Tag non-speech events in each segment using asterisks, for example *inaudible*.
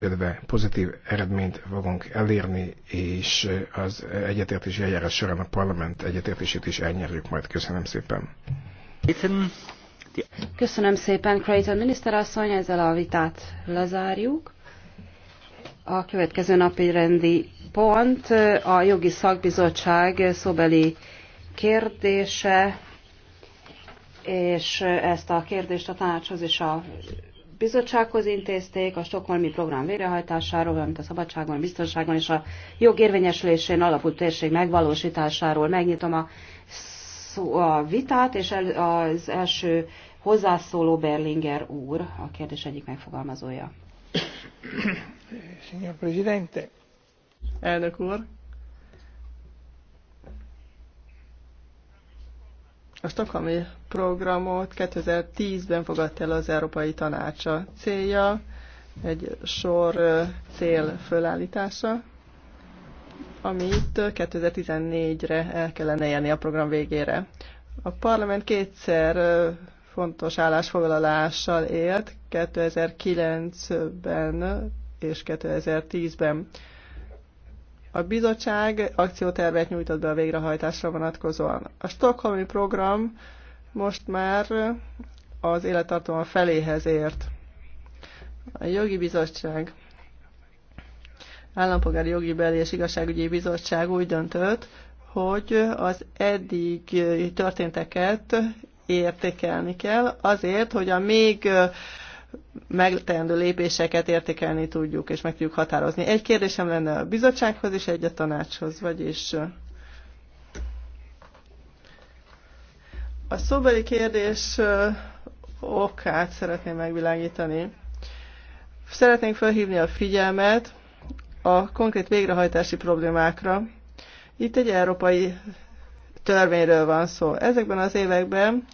illetve pozitív eredményt fogunk elérni, és az egyetértési eljárás során a parlament egyetértését is elnyerjük majd. Köszönöm szépen. Köszönöm szépen, Creighton miniszterasszony, ezzel a vitát lezárjuk. A következő napi rendi pont a jogi szakbizottság szóbeli kérdése, és ezt a kérdést a tanácshoz és a bizottsághoz intézték a Stokholmi program végrehajtásáról, valamint a szabadságon, a biztonságon és a jog érvényesülésén alapú térség megvalósításáról. Megnyitom a, szó, a vitát, és el, az első hozzászóló Berlinger úr, a kérdés egyik megfogalmazója. Signor Presidente. Elnök úr. A stokholmi programot 2010-ben fogadta el az Európai Tanácsa. Célja egy sor cél fölállítása, amit 2014-re el kellene érni a program végére. A parlament kétszer fontos állásfoglalással élt 2009-ben és 2010-ben. A bizottság akciótervet nyújtott be a végrehajtásra vonatkozóan. A Stockholmi program most már az élettartóan feléhez ért. A jogi bizottság, állampolgári jogi beli és igazságügyi bizottság úgy döntött, hogy az eddig történteket értékelni kell azért, hogy a még megteendő lépéseket értékelni tudjuk, és meg tudjuk határozni. Egy kérdésem lenne a bizottsághoz, és egy a tanácshoz, vagyis a szóbeli kérdés okát szeretném megvilágítani. Szeretnénk felhívni a figyelmet a konkrét végrehajtási problémákra. Itt egy európai törvényről van szó. Ezekben az években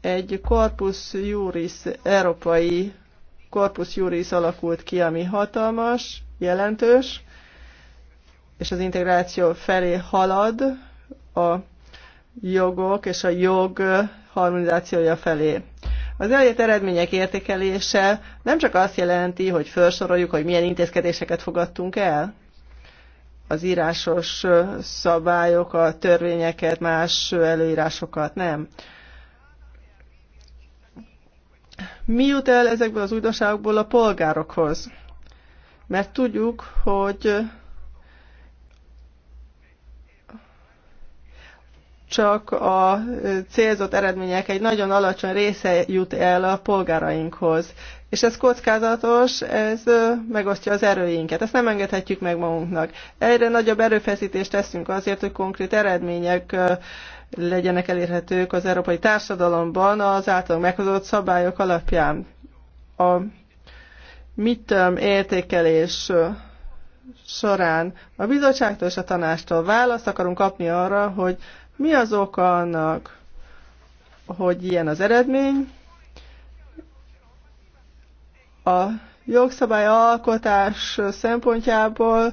egy Corpus Juris, európai Corpus Juris alakult ki, ami hatalmas, jelentős, és az integráció felé halad a jogok és a jog harmonizációja felé. Az elért eredmények értékelése nem csak azt jelenti, hogy felsoroljuk, hogy milyen intézkedéseket fogadtunk el, az írásos szabályokat, törvényeket, más előírásokat, nem mi jut el ezekből az újdonságokból a polgárokhoz? Mert tudjuk, hogy csak a célzott eredmények egy nagyon alacsony része jut el a polgárainkhoz. És ez kockázatos, ez megosztja az erőinket. Ezt nem engedhetjük meg magunknak. Egyre nagyobb erőfeszítést teszünk azért, hogy konkrét eredmények legyenek elérhetők az európai társadalomban az általunk meghozott szabályok alapján. A midterm értékelés során a bizottságtól és a tanástól választ akarunk kapni arra, hogy mi az oka annak, hogy ilyen az eredmény. A jogszabály alkotás szempontjából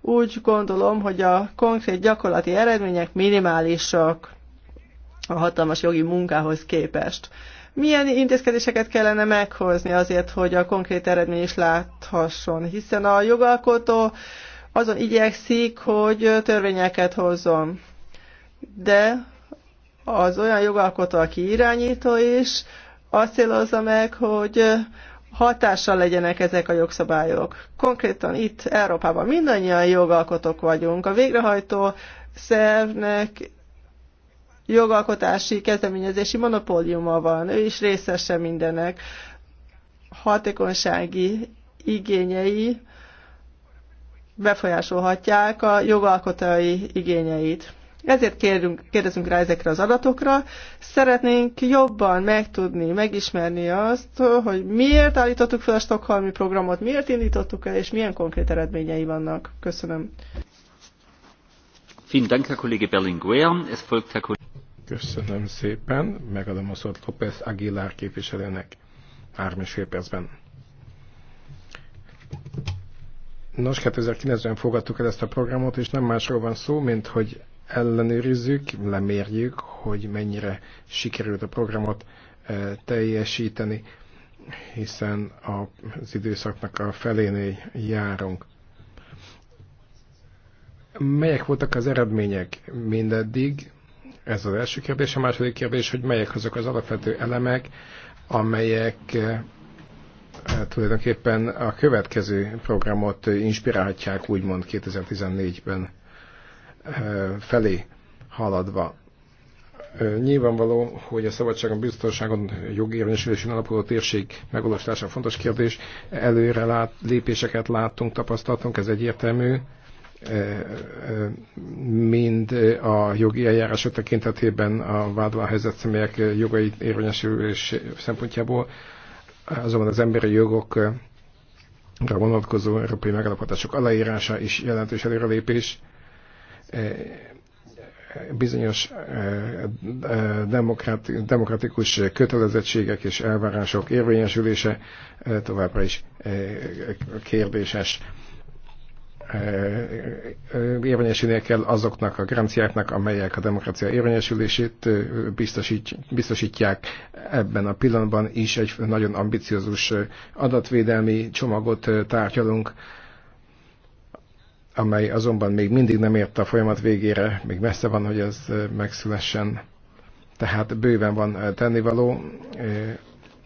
úgy gondolom, hogy a konkrét gyakorlati eredmények minimálisak a hatalmas jogi munkához képest. Milyen intézkedéseket kellene meghozni azért, hogy a konkrét eredmény is láthasson, hiszen a jogalkotó azon igyekszik, hogy törvényeket hozzon. De az olyan jogalkotó, aki irányító is, azt célozza meg, hogy hatással legyenek ezek a jogszabályok. Konkrétan itt Európában mindannyian jogalkotók vagyunk. A végrehajtó szervnek jogalkotási kezdeményezési monopóliuma van, ő is részese mindenek. Hatékonysági igényei befolyásolhatják a jogalkotói igényeit. Ezért kérünk, kérdezünk rá ezekre az adatokra. Szeretnénk jobban megtudni, megismerni azt, hogy miért állítottuk fel a Stockholmi programot, miért indítottuk el, és milyen konkrét eredményei vannak. Köszönöm. Köszönöm szépen. Megadom a szót López Aguilar képviselőnek. Három és percben. Nos, 2009-ben fogadtuk el ezt a programot, és nem másról van szó, mint hogy ellenőrizzük, lemérjük, hogy mennyire sikerült a programot eh, teljesíteni, hiszen az időszaknak a felénél járunk. Melyek voltak az eredmények mindeddig? Ez az első kérdés. A második kérdés, hogy melyek azok az alapvető elemek, amelyek eh, hát tulajdonképpen a következő programot inspirálhatják, úgymond 2014-ben eh, felé haladva. Eh, nyilvánvaló, hogy a szabadságon, biztonságon, jogérvényesülésen alapuló térség megvalósítása fontos kérdés. Előre lát, lépéseket láttunk, tapasztaltunk, ez egyértelmű mind a jogi eljárások tekintetében a vádlán helyzet személyek jogai érvényesülés szempontjából, azonban az emberi jogokra vonatkozó európai megállapodások aláírása is jelentős előrelépés. Bizonyos demokratikus kötelezettségek és elvárások érvényesülése továbbra is kérdéses Eh, érvényesülnie kell azoknak a garanciáknak, amelyek a demokrácia érvényesülését eh, biztosít, biztosítják. Ebben a pillanatban is egy nagyon ambiciózus eh, adatvédelmi csomagot tárgyalunk, amely azonban még mindig nem ért a folyamat végére, még messze van, hogy ez megszülessen. Tehát bőven van tennivaló,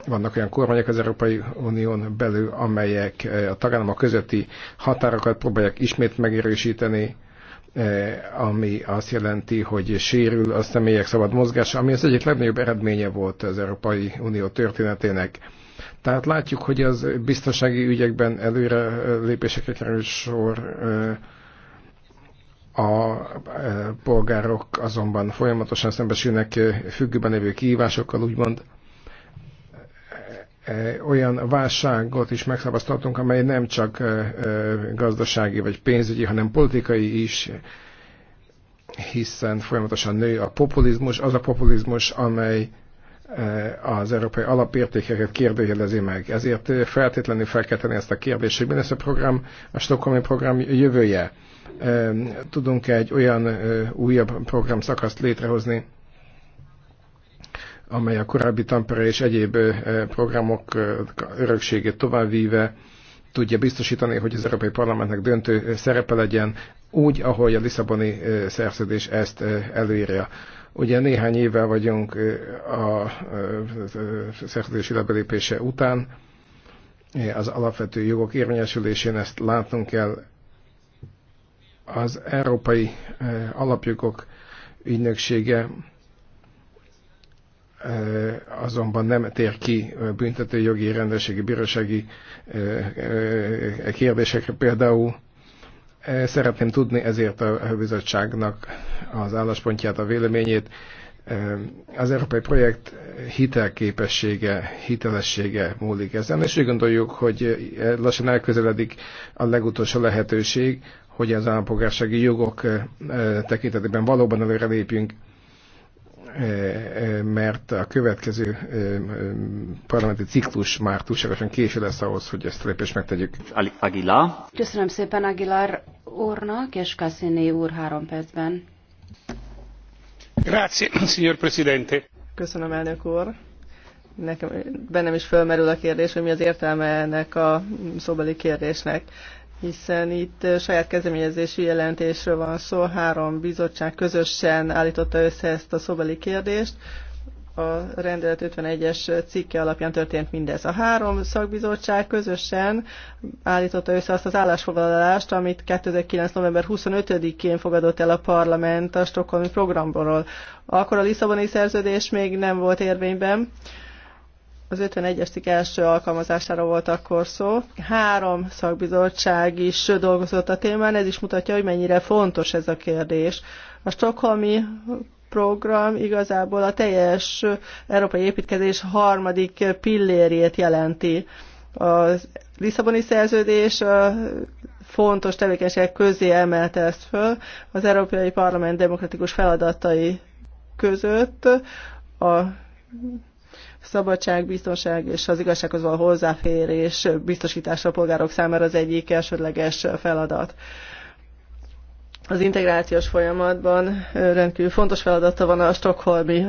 vannak olyan kormányok az Európai Unión belül, amelyek eh, a tagállamok közötti határokat próbálják ismét megerősíteni, eh, ami azt jelenti, hogy sérül a személyek szabad mozgása, ami az egyik legnagyobb eredménye volt az Európai Unió történetének. Tehát látjuk, hogy az biztonsági ügyekben előre eh, lépésekre kerül sor, a polgárok azonban folyamatosan szembesülnek függőben lévő kihívásokkal, úgymond olyan válságot is megszabasztaltunk, amely nem csak gazdasági vagy pénzügyi, hanem politikai is, hiszen folyamatosan nő a populizmus, az a populizmus, amely az európai alapértékeket kérdőjelezi meg. Ezért feltétlenül fel kell tenni ezt a kérdést, hogy mi lesz a program, a Stockholmi program jövője. Tudunk -e egy olyan újabb program szakaszt létrehozni, amely a korábbi Tampere és egyéb programok örökségét továbbvíve tudja biztosítani, hogy az Európai Parlamentnek döntő szerepe legyen, úgy, ahogy a Lisszaboni szerződés ezt előírja. Ugye néhány évvel vagyunk a szerződés lebelépése után, az alapvető jogok érvényesülésén ezt látnunk kell. Az Európai Alapjogok Ügynöksége azonban nem tér ki büntetőjogi, rendőrségi, bírósági kérdésekre. Például szeretném tudni ezért a bizottságnak az álláspontját, a véleményét. Az európai projekt hitelképessége, hitelessége múlik ezen, és úgy gondoljuk, hogy lassan elközeledik a legutolsó lehetőség, hogy az állampolgársági jogok tekintetében valóban előrelépjünk. lépjünk Eh, eh, mert a következő eh, parlamenti ciklus már túlságosan késő lesz ahhoz, hogy ezt a lépést megtegyük. Aguilar. Köszönöm szépen Aguilar úrnak, és Cassini úr három percben. Grazie, signor Presidente. Köszönöm, elnök úr. Nekem, bennem is fölmerül a kérdés, hogy mi az értelme ennek a szóbeli kérdésnek hiszen itt saját kezdeményezési jelentésről van szó, három bizottság közösen állította össze ezt a szobeli kérdést, a rendelet 51-es cikke alapján történt mindez. A három szakbizottság közösen állította össze azt az állásfoglalást, amit 2009. november 25-én fogadott el a parlament a Stockholmi programból. Akkor a Lisszaboni szerződés még nem volt érvényben, az 51-es cikk első alkalmazására volt akkor szó. Három szakbizottság is dolgozott a témán, ez is mutatja, hogy mennyire fontos ez a kérdés. A Stockholmi program igazából a teljes európai építkezés harmadik pillérjét jelenti. A Lisszaboni szerződés fontos tevékenységek közé emelte ezt föl. Az Európai Parlament demokratikus feladatai között a szabadság, biztonság és az igazsághoz való hozzáférés biztosítása a polgárok számára az egyik elsődleges feladat. Az integrációs folyamatban rendkívül fontos feladata van a Stockholmi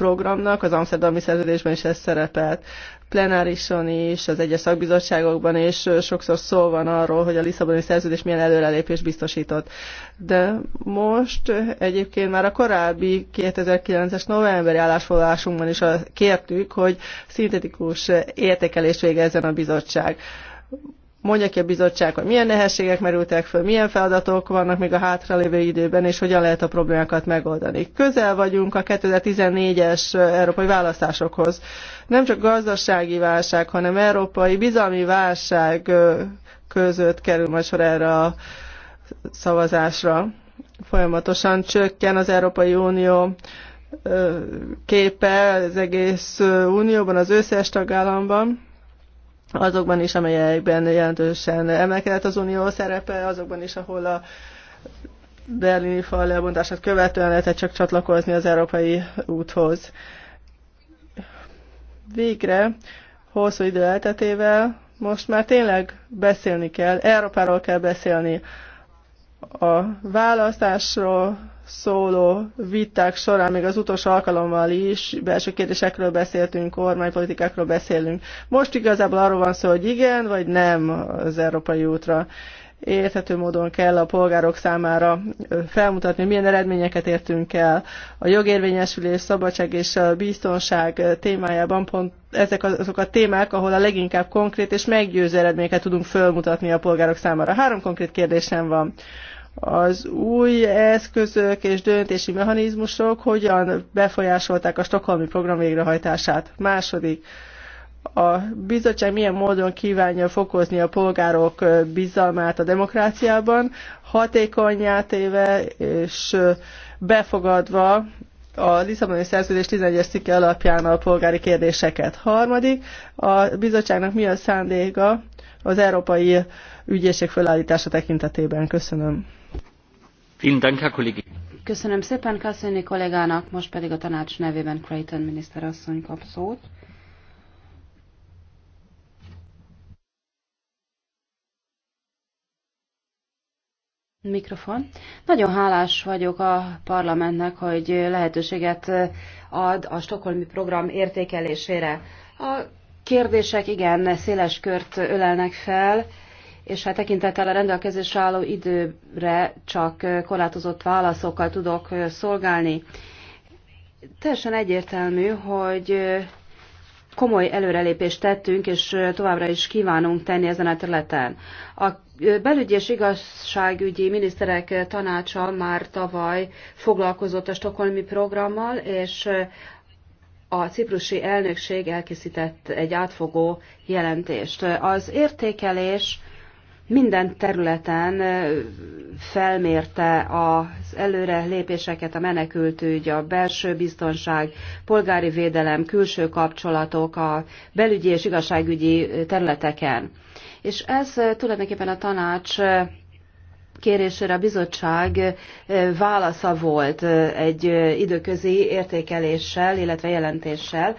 programnak, az Amsterdami szerződésben is ez szerepelt, plenárison is, az egyes szakbizottságokban, és sokszor szó van arról, hogy a Lisszaboni szerződés milyen előrelépés biztosított. De most egyébként már a korábbi 2009-es novemberi állásfoglalásunkban is kértük, hogy szintetikus értékelést végezzen a bizottság mondja ki a bizottság, hogy milyen nehézségek merültek föl, milyen feladatok vannak még a hátralévő időben, és hogyan lehet a problémákat megoldani. Közel vagyunk a 2014-es európai választásokhoz. Nem csak gazdasági válság, hanem európai bizalmi válság között kerül majd sor erre a szavazásra. Folyamatosan csökken az Európai Unió képe az egész unióban, az összes tagállamban azokban is, amelyekben jelentősen emelkedett az unió szerepe, azokban is, ahol a berlini fal lebontását követően lehetett csak csatlakozni az európai úthoz. Végre, hosszú idő eltetével, most már tényleg beszélni kell, Európáról kell beszélni, a választásról, szóló viták során, még az utolsó alkalommal is belső kérdésekről beszéltünk, kormánypolitikákról beszélünk. Most igazából arról van szó, hogy igen vagy nem az európai útra. Érthető módon kell a polgárok számára felmutatni, milyen eredményeket értünk el. A jogérvényesülés, szabadság és a biztonság témájában pont ezek azok a témák, ahol a leginkább konkrét és meggyőző eredményeket tudunk felmutatni a polgárok számára. Három konkrét kérdésem van az új eszközök és döntési mechanizmusok hogyan befolyásolták a stokholmi program végrehajtását. Második, a bizottság milyen módon kívánja fokozni a polgárok bizalmát a demokráciában, hatékonyá téve és befogadva a Lisszaboni Szerződés 11-es cikke alapján a polgári kérdéseket. Harmadik, a bizottságnak mi a szándéka az Európai Ügyészség felállítása tekintetében. Köszönöm. Köszönöm szépen Kasszini kollégának, most pedig a tanács nevében Creighton asszony kap szót. Mikrofon. Nagyon hálás vagyok a parlamentnek, hogy lehetőséget ad a Stockholmi program értékelésére. A kérdések igen széles kört ölelnek fel, és hát tekintettel a rendelkezésre álló időre csak korlátozott válaszokkal tudok szolgálni. Teljesen egyértelmű, hogy komoly előrelépést tettünk, és továbbra is kívánunk tenni ezen a területen. A belügyi és igazságügyi miniszterek tanácsa már tavaly foglalkozott a stokholmi programmal, és a ciprusi elnökség elkészített egy átfogó jelentést. Az értékelés minden területen felmérte az előre lépéseket, a menekültügy, a belső biztonság, polgári védelem, külső kapcsolatok, a belügyi és igazságügyi területeken. És ez tulajdonképpen a tanács kérésére a bizottság válasza volt egy időközi értékeléssel, illetve jelentéssel.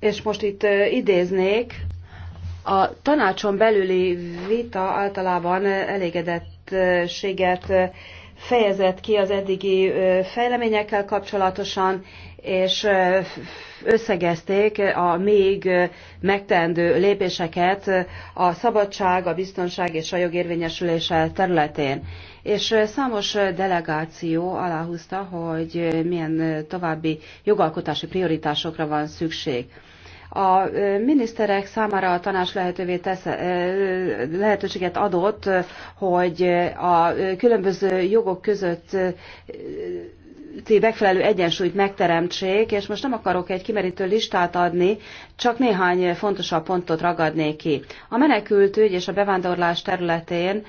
És most itt idéznék, a tanácson belüli vita általában elégedettséget fejezett ki az eddigi fejleményekkel kapcsolatosan, és összegezték a még megtendő lépéseket a szabadság, a biztonság és a jogérvényesülése területén. És számos delegáció aláhúzta, hogy milyen további jogalkotási prioritásokra van szükség. A miniszterek számára a tanács lehetővé tesz, lehetőséget adott, hogy a különböző jogok között megfelelő egyensúlyt megteremtsék, és most nem akarok egy kimerítő listát adni, csak néhány fontosabb pontot ragadnék ki. A menekültügy és a bevándorlás területén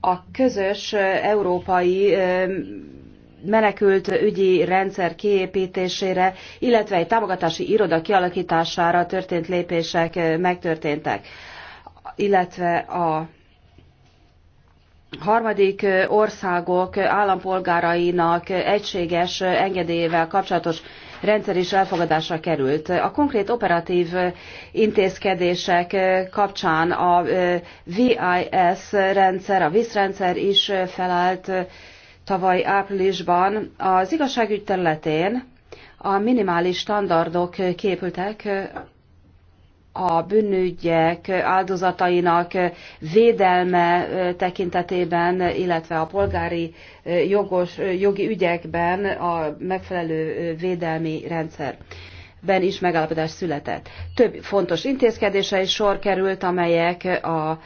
a közös európai menekült ügyi rendszer kiépítésére, illetve egy támogatási iroda kialakítására történt lépések megtörténtek, illetve a harmadik országok állampolgárainak egységes engedélyével kapcsolatos rendszer is elfogadásra került. A konkrét operatív intézkedések kapcsán a VIS rendszer, a VIS rendszer is felállt tavaly áprilisban. Az igazságügy területén a minimális standardok képültek a bűnügyek áldozatainak védelme tekintetében, illetve a polgári jogos, jogi ügyekben a megfelelő védelmi rendszer ben is megállapodás született. Több fontos intézkedése is sor került, amelyek a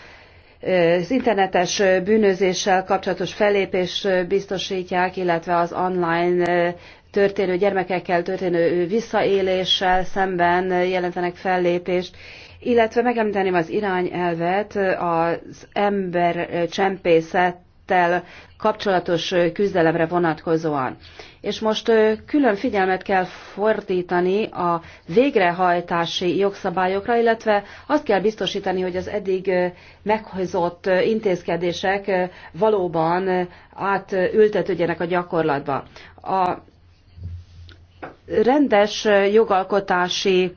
az internetes bűnözéssel kapcsolatos felépés biztosítják, illetve az online történő gyermekekkel történő visszaéléssel szemben jelentenek fellépést, illetve megemlíteném az irányelvet az ember csempészettel kapcsolatos küzdelemre vonatkozóan. És most külön figyelmet kell fordítani a végrehajtási jogszabályokra, illetve azt kell biztosítani, hogy az eddig meghozott intézkedések valóban átültetődjenek a gyakorlatba. A rendes jogalkotási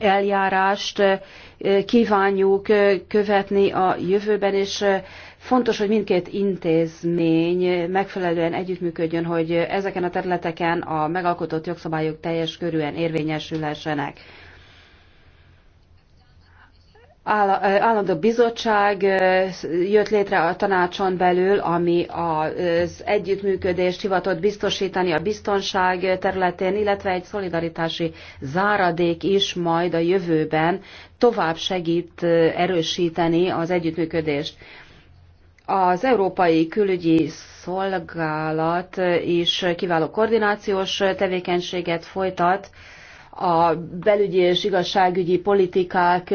eljárást eh, kívánjuk eh, követni a jövőben, és eh, fontos, hogy mindkét intézmény megfelelően együttműködjön, hogy ezeken a területeken a megalkotott jogszabályok teljes körűen érvényesülhessenek állandó bizottság jött létre a tanácson belül, ami az együttműködést hivatott biztosítani a biztonság területén, illetve egy szolidaritási záradék is majd a jövőben tovább segít erősíteni az együttműködést. Az Európai Külügyi Szolgálat is kiváló koordinációs tevékenységet folytat, a belügyi és igazságügyi politikák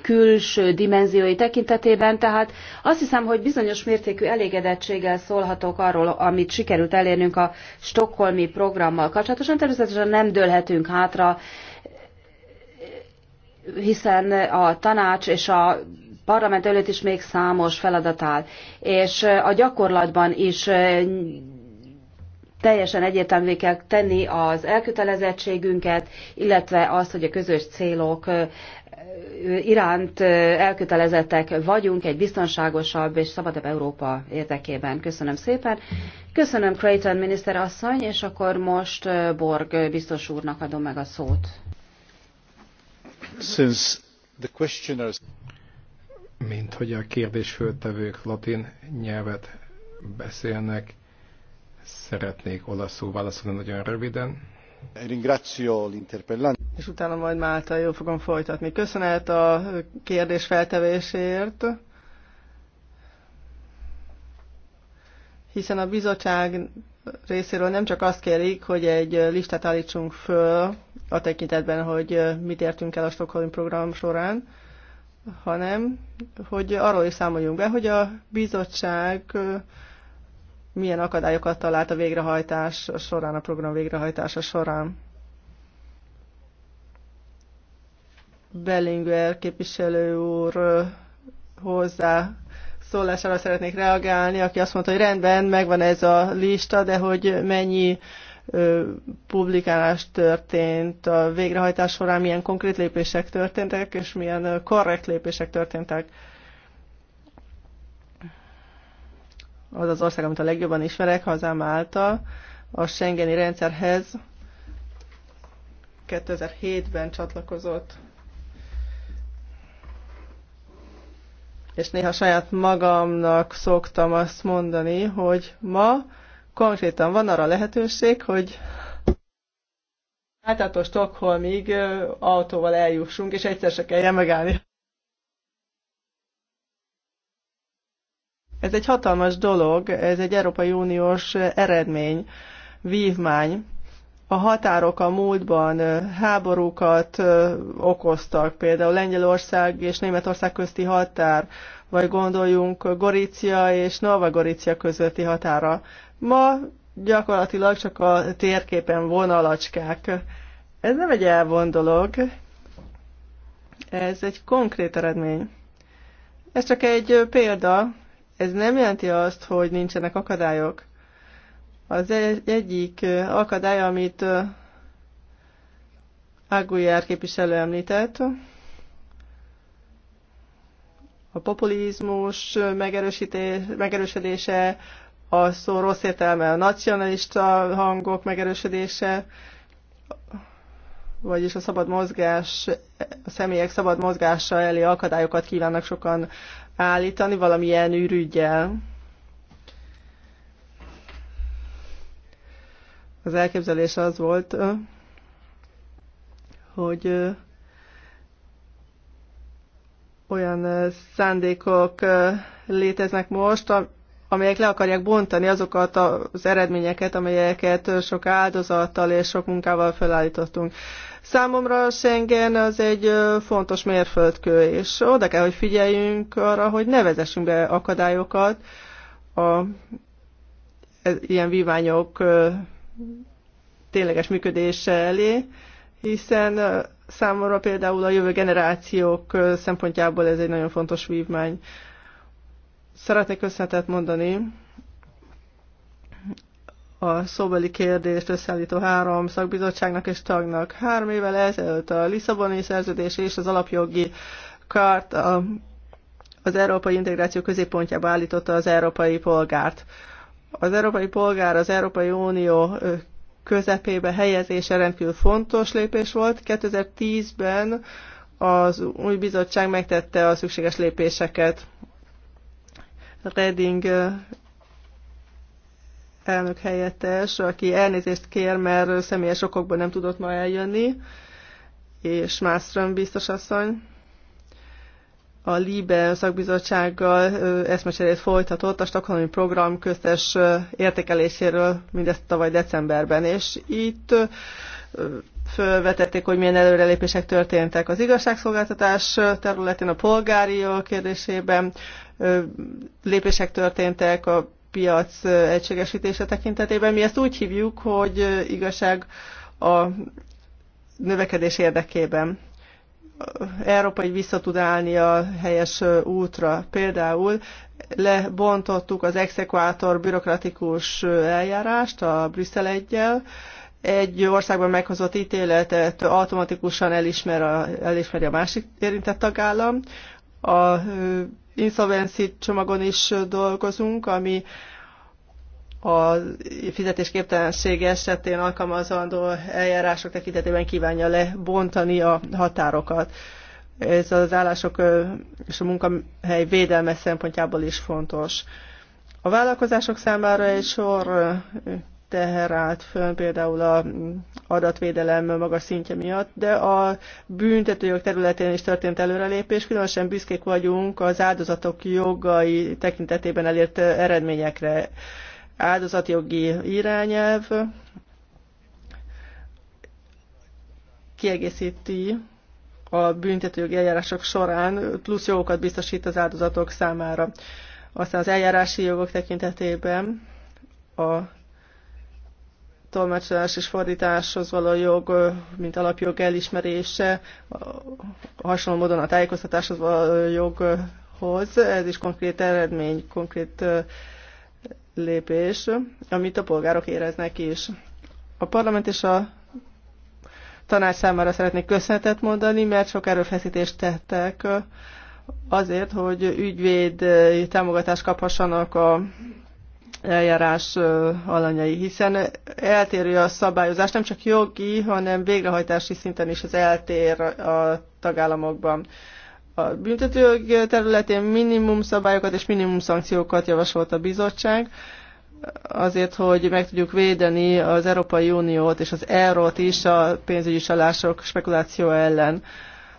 külső dimenziói tekintetében, tehát azt hiszem, hogy bizonyos mértékű elégedettséggel szólhatok arról, amit sikerült elérnünk a stokholmi programmal kapcsolatosan. Természetesen nem dőlhetünk hátra, hiszen a tanács és a parlament előtt is még számos feladat áll, és eh, a gyakorlatban is eh, teljesen egyértelművé kell tenni az elkötelezettségünket, illetve azt, hogy a közös célok eh, iránt elkötelezettek vagyunk egy biztonságosabb és szabadabb Európa érdekében. Köszönöm szépen. Köszönöm Creighton miniszter asszony, és akkor most Borg biztos úrnak adom meg a szót. Since the questioners... Mint hogy a kérdésföltevők latin nyelvet beszélnek, szeretnék olaszul válaszolni nagyon röviden. E És utána majd jól fogom folytatni. Köszönet a kérdés feltevésért, hiszen a bizottság részéről nem csak azt kérik, hogy egy listát állítsunk föl a tekintetben, hogy mit értünk el a Stockholm program során, hanem hogy arról is számoljunk be, hogy a bizottság milyen akadályokat talált a végrehajtás során, a program végrehajtása során. Bellinger képviselő úr hozzá szólására szeretnék reagálni, aki azt mondta, hogy rendben, megvan ez a lista, de hogy mennyi publikálás történt a végrehajtás során, milyen konkrét lépések történtek, és milyen korrekt lépések történtek. az az ország, amit a legjobban ismerek, hazám által, a Schengeni rendszerhez 2007-ben csatlakozott. És néha saját magamnak szoktam azt mondani, hogy ma konkrétan van arra lehetőség, hogy Hátától Stockholmig autóval eljussunk, és egyszer se kelljen megállni. Ez egy hatalmas dolog, ez egy Európai Uniós eredmény, vívmány. A határok a múltban háborúkat okoztak, például Lengyelország és Németország közti határ, vagy gondoljunk Gorícia és Nova Gorícia közötti határa. Ma gyakorlatilag csak a térképen vonalacskák. Ez nem egy elvon dolog, ez egy konkrét eredmény. Ez csak egy példa, ez nem jelenti azt, hogy nincsenek akadályok. Az egyik akadály, amit Águljár képviselő említett, a populizmus megerősödése, a szó rossz értelme, a nacionalista hangok megerősödése, vagyis a szabad mozgás, a személyek szabad mozgása elé akadályokat kívánnak sokan állítani valamilyen ürügyel. Az elképzelés az volt, hogy olyan szándékok léteznek most, amelyek le akarják bontani azokat az eredményeket, amelyeket sok áldozattal és sok munkával felállítottunk. Számomra Schengen az egy fontos mérföldkő, és oda kell, hogy figyeljünk arra, hogy ne vezessünk be akadályokat a e, ilyen víványok tényleges működése elé, hiszen számomra például a jövő generációk szempontjából ez egy nagyon fontos vívmány. Szeretnék köszönetet mondani a szóbeli kérdést összeállító három szakbizottságnak és tagnak. Három évvel ezelőtt a Lisszaboni szerződés és az alapjogi kart a, az európai integráció középpontjába állította az európai polgárt. Az európai polgár az Európai Unió közepébe helyezése rendkívül fontos lépés volt. 2010-ben az új bizottság megtette a szükséges lépéseket. Reding elnök helyettes, aki elnézést kér, mert személyes okokból nem tudott ma eljönni, és Mászrön biztos asszony a LIBE szakbizottsággal eszmecserét folytatott a Stockholmi Program köztes értékeléséről, mindezt tavaly decemberben, és itt felvetették, hogy milyen előrelépések történtek az igazságszolgáltatás területén, a polgári kérdésében lépések történtek a piac egységesítése tekintetében. Mi ezt úgy hívjuk, hogy igazság a növekedés érdekében. Európa így vissza tud állni a helyes útra. Például lebontottuk az exekvátor bürokratikus eljárást a Brüsszel egyel, egy országban meghozott ítéletet automatikusan elismer a, elismeri a másik érintett tagállam. A insolvency csomagon is dolgozunk, ami a fizetésképtelenség esetén alkalmazandó eljárások tekintetében kívánja lebontani a határokat. Ez az állások és a munkahely védelme szempontjából is fontos. A vállalkozások számára egy sor teher állt föl, például a adatvédelem magas szintje miatt, de a büntetőjog területén is történt előrelépés, különösen büszkék vagyunk az áldozatok jogai tekintetében elért eredményekre. Áldozatjogi irányelv kiegészíti a büntetőjogi eljárások során plusz jogokat biztosít az áldozatok számára. Aztán az eljárási jogok tekintetében a tolmácsolás és fordításhoz való jog, mint alapjog elismerése, hasonló módon a tájékoztatáshoz való joghoz, ez is konkrét eredmény, konkrét lépés, amit a polgárok éreznek is. A parlament és a tanács számára szeretnék köszönetet mondani, mert sok erőfeszítést tettek azért, hogy ügyvéd támogatást kaphassanak a eljárás alanyai, hiszen eltérő a szabályozás, nem csak jogi, hanem végrehajtási szinten is az eltér a tagállamokban. A büntetőjog területén minimum szabályokat és minimum szankciókat javasolt a bizottság, azért, hogy meg tudjuk védeni az Európai Uniót és az eurót is a pénzügyi csalások spekuláció ellen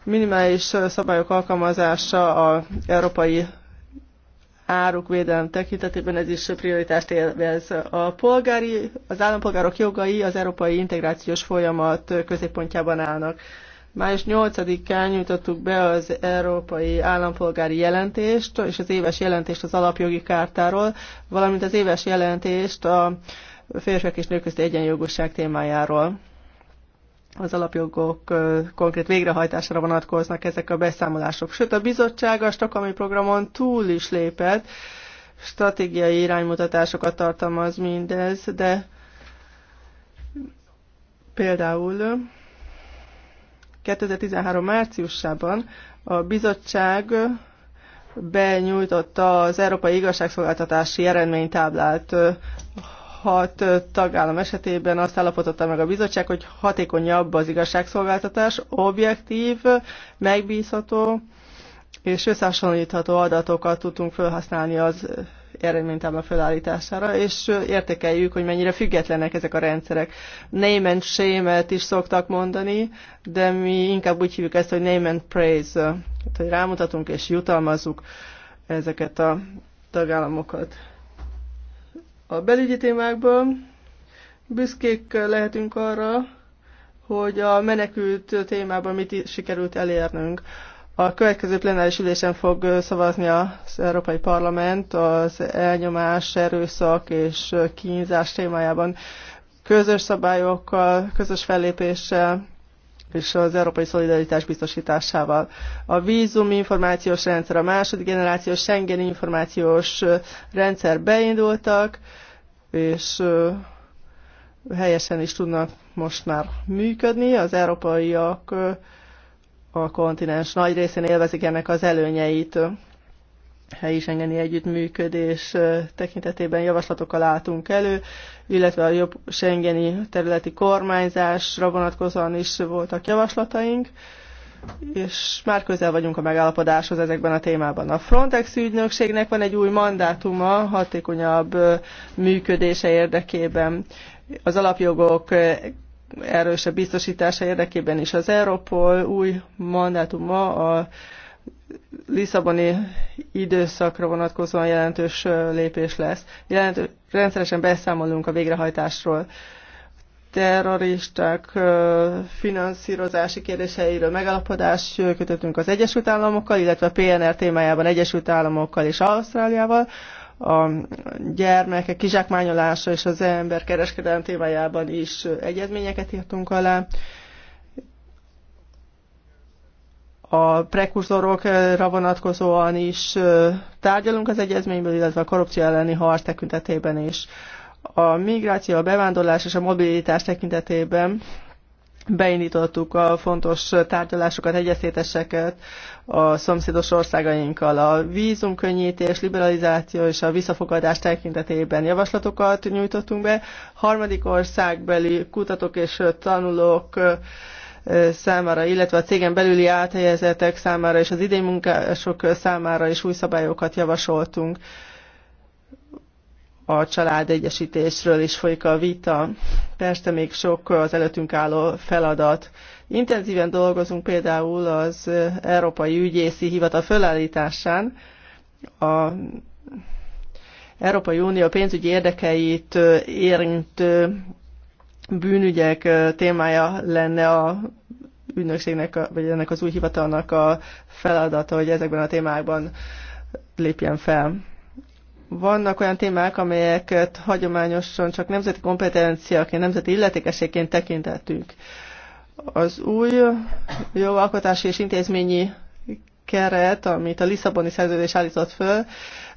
minimális szabályok alkalmazása az európai áruk védelem tekintetében ez is prioritást élvez. A polgári, az állampolgárok jogai az európai integrációs folyamat középpontjában állnak. Május 8-án nyújtottuk be az Európai Állampolgári Jelentést és az éves jelentést az alapjogi kártáról, valamint az éves jelentést a férfiak és nők közti egyenjogosság témájáról az alapjogok konkrét végrehajtására vonatkoznak ezek a beszámolások. Sőt, a bizottság a stokami programon túl is lépett, stratégiai iránymutatásokat tartalmaz mindez, de például 2013 márciusában a bizottság benyújtotta az Európai Igazságszolgáltatási Eredménytáblát hat tagállam esetében azt állapototta meg a bizottság, hogy hatékonyabb az igazságszolgáltatás, objektív, megbízható és összehasonlítható adatokat tudtunk felhasználni az eredménytábla felállítására, és értékeljük, hogy mennyire függetlenek ezek a rendszerek. Name and shame-et is szoktak mondani, de mi inkább úgy hívjuk ezt, hogy name and praise, tehát, hogy rámutatunk és jutalmazzuk ezeket a tagállamokat a belügyi témákban Büszkék lehetünk arra, hogy a menekült témában mit sikerült elérnünk. A következő plenáris ülésen fog szavazni az Európai Parlament az elnyomás, erőszak és kínzás témájában közös szabályokkal, közös fellépéssel és az európai szolidaritás biztosításával. A vízum információs rendszer, a második generációs Schengen információs rendszer beindultak, és helyesen is tudnak most már működni. Az európaiak a kontinens nagy részén élvezik ennek az előnyeit helyi Schengeni együttműködés tekintetében javaslatokkal álltunk elő, illetve a jobb Schengeni területi kormányzásra vonatkozóan is voltak javaslataink, és már közel vagyunk a megállapodáshoz ezekben a témában. A Frontex ügynökségnek van egy új mandátuma hatékonyabb működése érdekében. Az alapjogok erősebb biztosítása érdekében is az Europol új mandátuma a Lisszaboni időszakra vonatkozóan jelentős lépés lesz. Jelentő, rendszeresen beszámolunk a végrehajtásról terroristák finanszírozási kérdéseiről megalapodás kötöttünk az Egyesült Államokkal, illetve a PNR témájában Egyesült Államokkal és Ausztráliával, a gyermekek kizsákmányolása és az kereskedelem témájában is egyezményeket írtunk alá, a prekurzorokra vonatkozóan is tárgyalunk az egyezményből, illetve a korrupció elleni harc tekintetében is. A migráció, a bevándorlás és a mobilitás tekintetében beindítottuk a fontos tárgyalásokat, egyeztéteseket a szomszédos országainkkal. A vízumkönnyítés, liberalizáció és a visszafogadás tekintetében javaslatokat nyújtottunk be. Harmadik országbeli kutatók és tanulók számára, illetve a cégen belüli áthelyezettek számára és az idén munkások számára is új szabályokat javasoltunk. A családegyesítésről is folyik a vita. Persze még sok az előttünk álló feladat. Intenzíven dolgozunk például az Európai Ügyészi Hivatal fölállításán, a Európai Unió pénzügyi érdekeit érintő bűnügyek témája lenne a ügynökségnek, vagy ennek az új hivatalnak a feladata, hogy ezekben a témákban lépjen fel. Vannak olyan témák, amelyeket hagyományosan csak nemzeti kompetenciaként, nemzeti illetékeségként tekintettünk. Az új jogalkotási és intézményi keret, amit a Lisszaboni szerződés állított föl,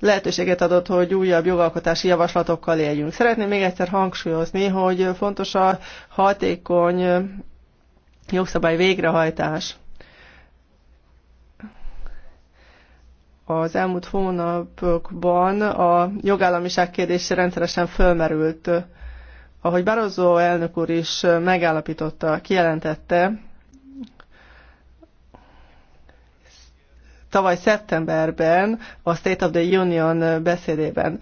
lehetőséget adott, hogy újabb jogalkotási javaslatokkal éljünk. Szeretném még egyszer hangsúlyozni, hogy fontos a hatékony jogszabály végrehajtás. Az elmúlt hónapokban a jogállamiság kérdése rendszeresen fölmerült. Ahogy Barozó elnök úr is megállapította, kijelentette, tavaly szeptemberben a State of the Union beszédében.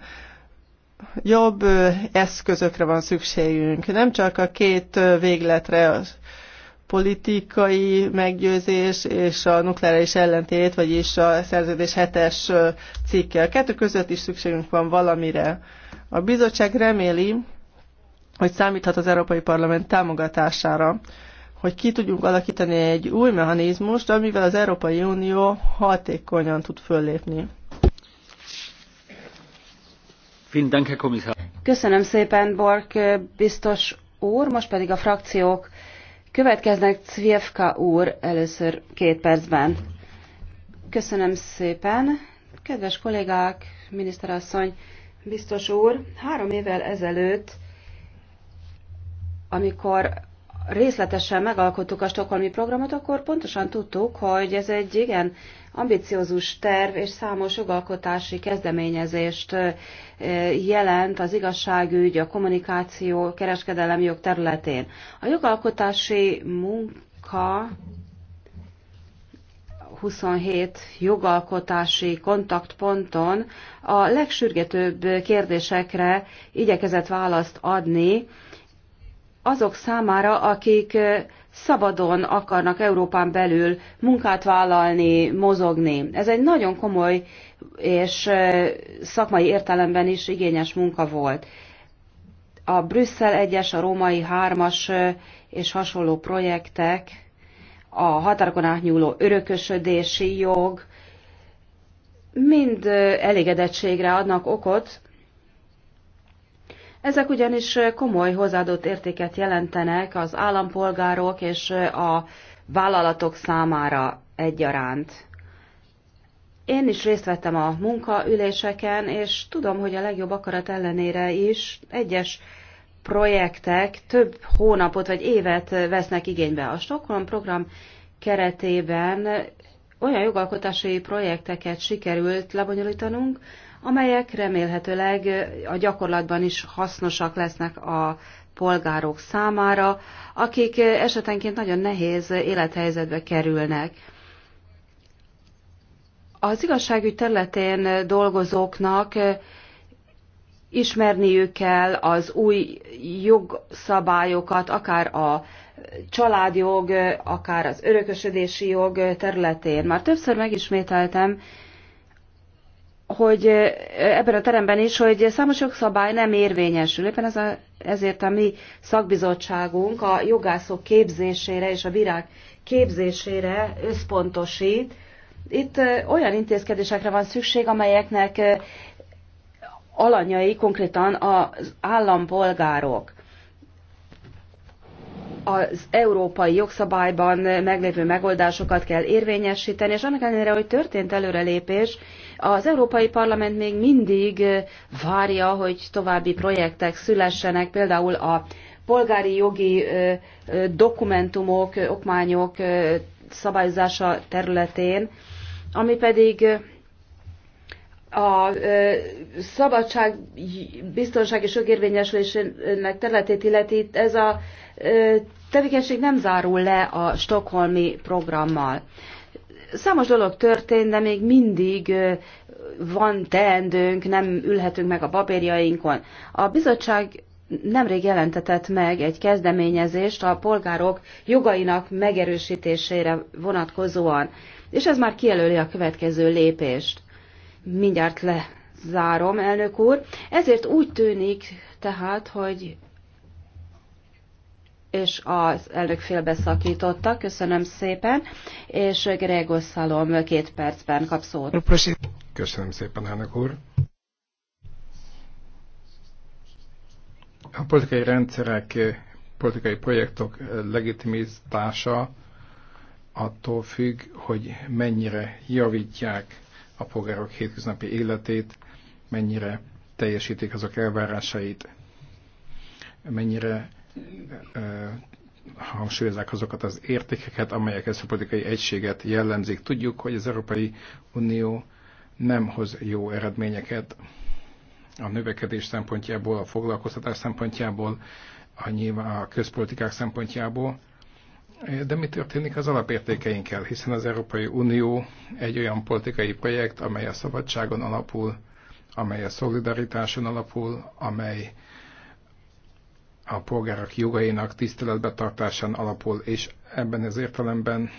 Jobb eszközökre van szükségünk, nem csak a két végletre, a politikai meggyőzés és a nukleáris ellentét, vagyis a szerződés hetes cikke. A kettő között is szükségünk van valamire. A bizottság reméli, hogy számíthat az Európai Parlament támogatására hogy ki tudjunk alakítani egy új mechanizmust, amivel az Európai Unió hatékonyan tud föllépni. Köszönöm szépen, Bork biztos úr. Most pedig a frakciók következnek. Cvjevka úr először két percben. Köszönöm szépen. Kedves kollégák, miniszterasszony, biztos úr, három évvel ezelőtt, amikor részletesen megalkottuk a stokholmi programot, akkor pontosan tudtuk, hogy ez egy igen ambiciózus terv és számos jogalkotási kezdeményezést jelent az igazságügy, a kommunikáció, kereskedelem jog területén. A jogalkotási munka 27 jogalkotási kontaktponton a legsürgetőbb kérdésekre igyekezett választ adni, azok számára, akik szabadon akarnak Európán belül munkát vállalni, mozogni. Ez egy nagyon komoly és szakmai értelemben is igényes munka volt. A Brüsszel 1-es, a Római 3-as és hasonló projektek, a határokon átnyúló örökösödési jog mind elégedettségre adnak okot, ezek ugyanis komoly hozzáadott értéket jelentenek az állampolgárok és a vállalatok számára egyaránt. Én is részt vettem a munkaüléseken, és tudom, hogy a legjobb akarat ellenére is egyes projektek több hónapot vagy évet vesznek igénybe. A Stockholm program keretében olyan jogalkotási projekteket sikerült lebonyolítanunk, amelyek remélhetőleg a gyakorlatban is hasznosak lesznek a polgárok számára, akik esetenként nagyon nehéz élethelyzetbe kerülnek. Az igazságügy területén dolgozóknak ismerniük kell az új jogszabályokat, akár a családjog, akár az örökösödési jog területén. Már többször megismételtem, hogy ebben a teremben is, hogy számos jogszabály nem érvényesül. Éppen ez a, ezért a mi szakbizottságunk a jogászok képzésére és a virág képzésére összpontosít. Itt olyan intézkedésekre van szükség, amelyeknek alanyai konkrétan az állampolgárok az európai jogszabályban meglévő megoldásokat kell érvényesíteni, és annak ellenére, hogy történt előrelépés, az Európai Parlament még mindig várja, hogy további projektek szülessenek, például a polgári jogi dokumentumok, okmányok szabályozása területén, ami pedig a szabadság, biztonság és jogérvényesülésének területét illeti, ez a tevékenység nem zárul le a stokholmi programmal. Számos dolog történt, de még mindig van teendőnk, nem ülhetünk meg a papírjainkon. A bizottság nemrég jelentetett meg egy kezdeményezést a polgárok jogainak megerősítésére vonatkozóan, és ez már kijelöli a következő lépést. Mindjárt lezárom, elnök úr. Ezért úgy tűnik tehát, hogy és az elnök félbeszakította. Köszönöm szépen, és Gregor Szalom két percben kap szót. Köszönöm szépen, elnök úr. A politikai rendszerek, politikai projektok legitimizása attól függ, hogy mennyire javítják a polgárok hétköznapi életét, mennyire teljesítik azok elvárásait, mennyire hangsúlyozzák azokat az értékeket, amelyek ezt a politikai egységet jellemzik. Tudjuk, hogy az Európai Unió nem hoz jó eredményeket a növekedés szempontjából, a foglalkoztatás szempontjából, a, nyilván a közpolitikák szempontjából. De mi történik az alapértékeinkkel? Hiszen az Európai Unió egy olyan politikai projekt, amely a szabadságon alapul, amely a szolidaritáson alapul, amely a polgárok jogainak tiszteletbe tartásán alapul, és ebben az értelemben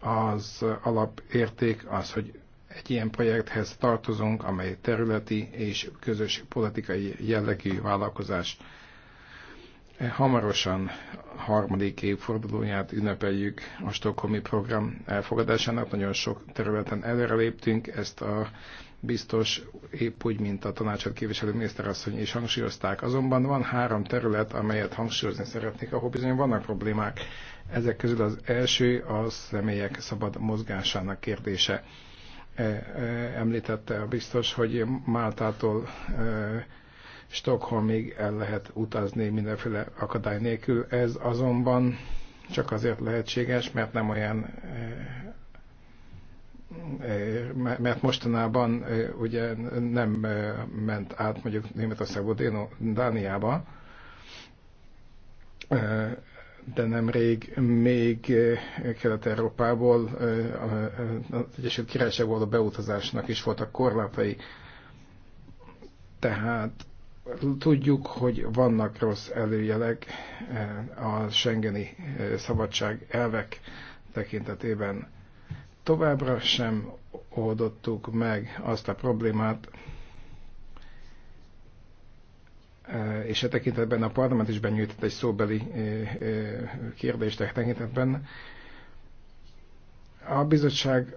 az alapérték az, hogy egy ilyen projekthez tartozunk, amely területi és közös politikai jellegű vállalkozás. Hamarosan harmadik évfordulóját ünnepeljük a Stokholmi program elfogadásának. Nagyon sok területen előreléptünk, ezt a biztos, épp úgy, mint a tanácsot képviselő miniszterasszony is hangsúlyozták. Azonban van három terület, amelyet hangsúlyozni szeretnék, ahol bizony vannak problémák. Ezek közül az első a személyek szabad mozgásának kérdése. E, e, említette a biztos, hogy Máltától e, Stockholmig el lehet utazni mindenféle akadály nélkül. Ez azonban csak azért lehetséges, mert nem olyan mert mostanában ugye nem ment át mondjuk Németországból Déno, Dániába, de nemrég még Kelet-Európából az Egyesült Királyságból a beutazásnak is voltak korlátai. Tehát tudjuk, hogy vannak rossz előjelek a Schengeni szabadság elvek tekintetében Továbbra sem oldottuk meg azt a problémát, e, és e tekintetben a parlament is benyújtott egy szóbeli e, e, kérdést e tekintetben. A bizottság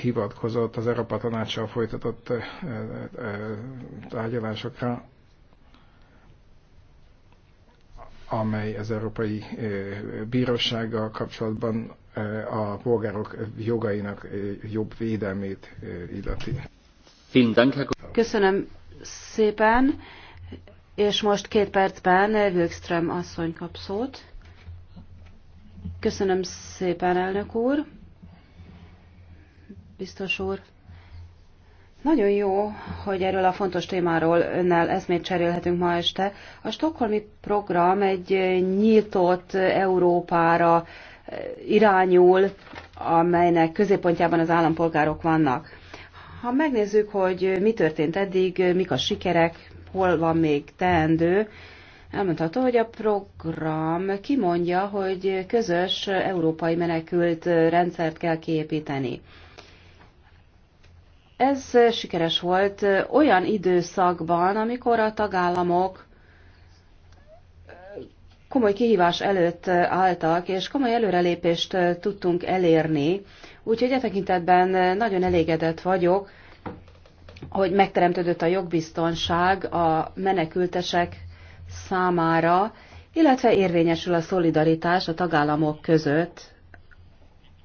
hivatkozott az Európa Tanácssal folytatott tárgyalásokra, amely az Európai Bírósággal kapcsolatban a polgárok jogainak jobb védelmét illeti. Köszönöm szépen, és most két percben Wilkström asszony kap szót. Köszönöm szépen, elnök úr. Biztos úr. Nagyon jó, hogy erről a fontos témáról önnel eszmét cserélhetünk ma este. A Stockholmi program egy nyitott Európára irányul, amelynek középpontjában az állampolgárok vannak. Ha megnézzük, hogy mi történt eddig, mik a sikerek, hol van még teendő, elmondható, hogy a program kimondja, hogy közös európai menekült rendszert kell kiépíteni. Ez sikeres volt olyan időszakban, amikor a tagállamok komoly kihívás előtt álltak, és komoly előrelépést tudtunk elérni, úgyhogy e tekintetben nagyon elégedett vagyok, hogy megteremtődött a jogbiztonság a menekültesek számára, illetve érvényesül a szolidaritás a tagállamok között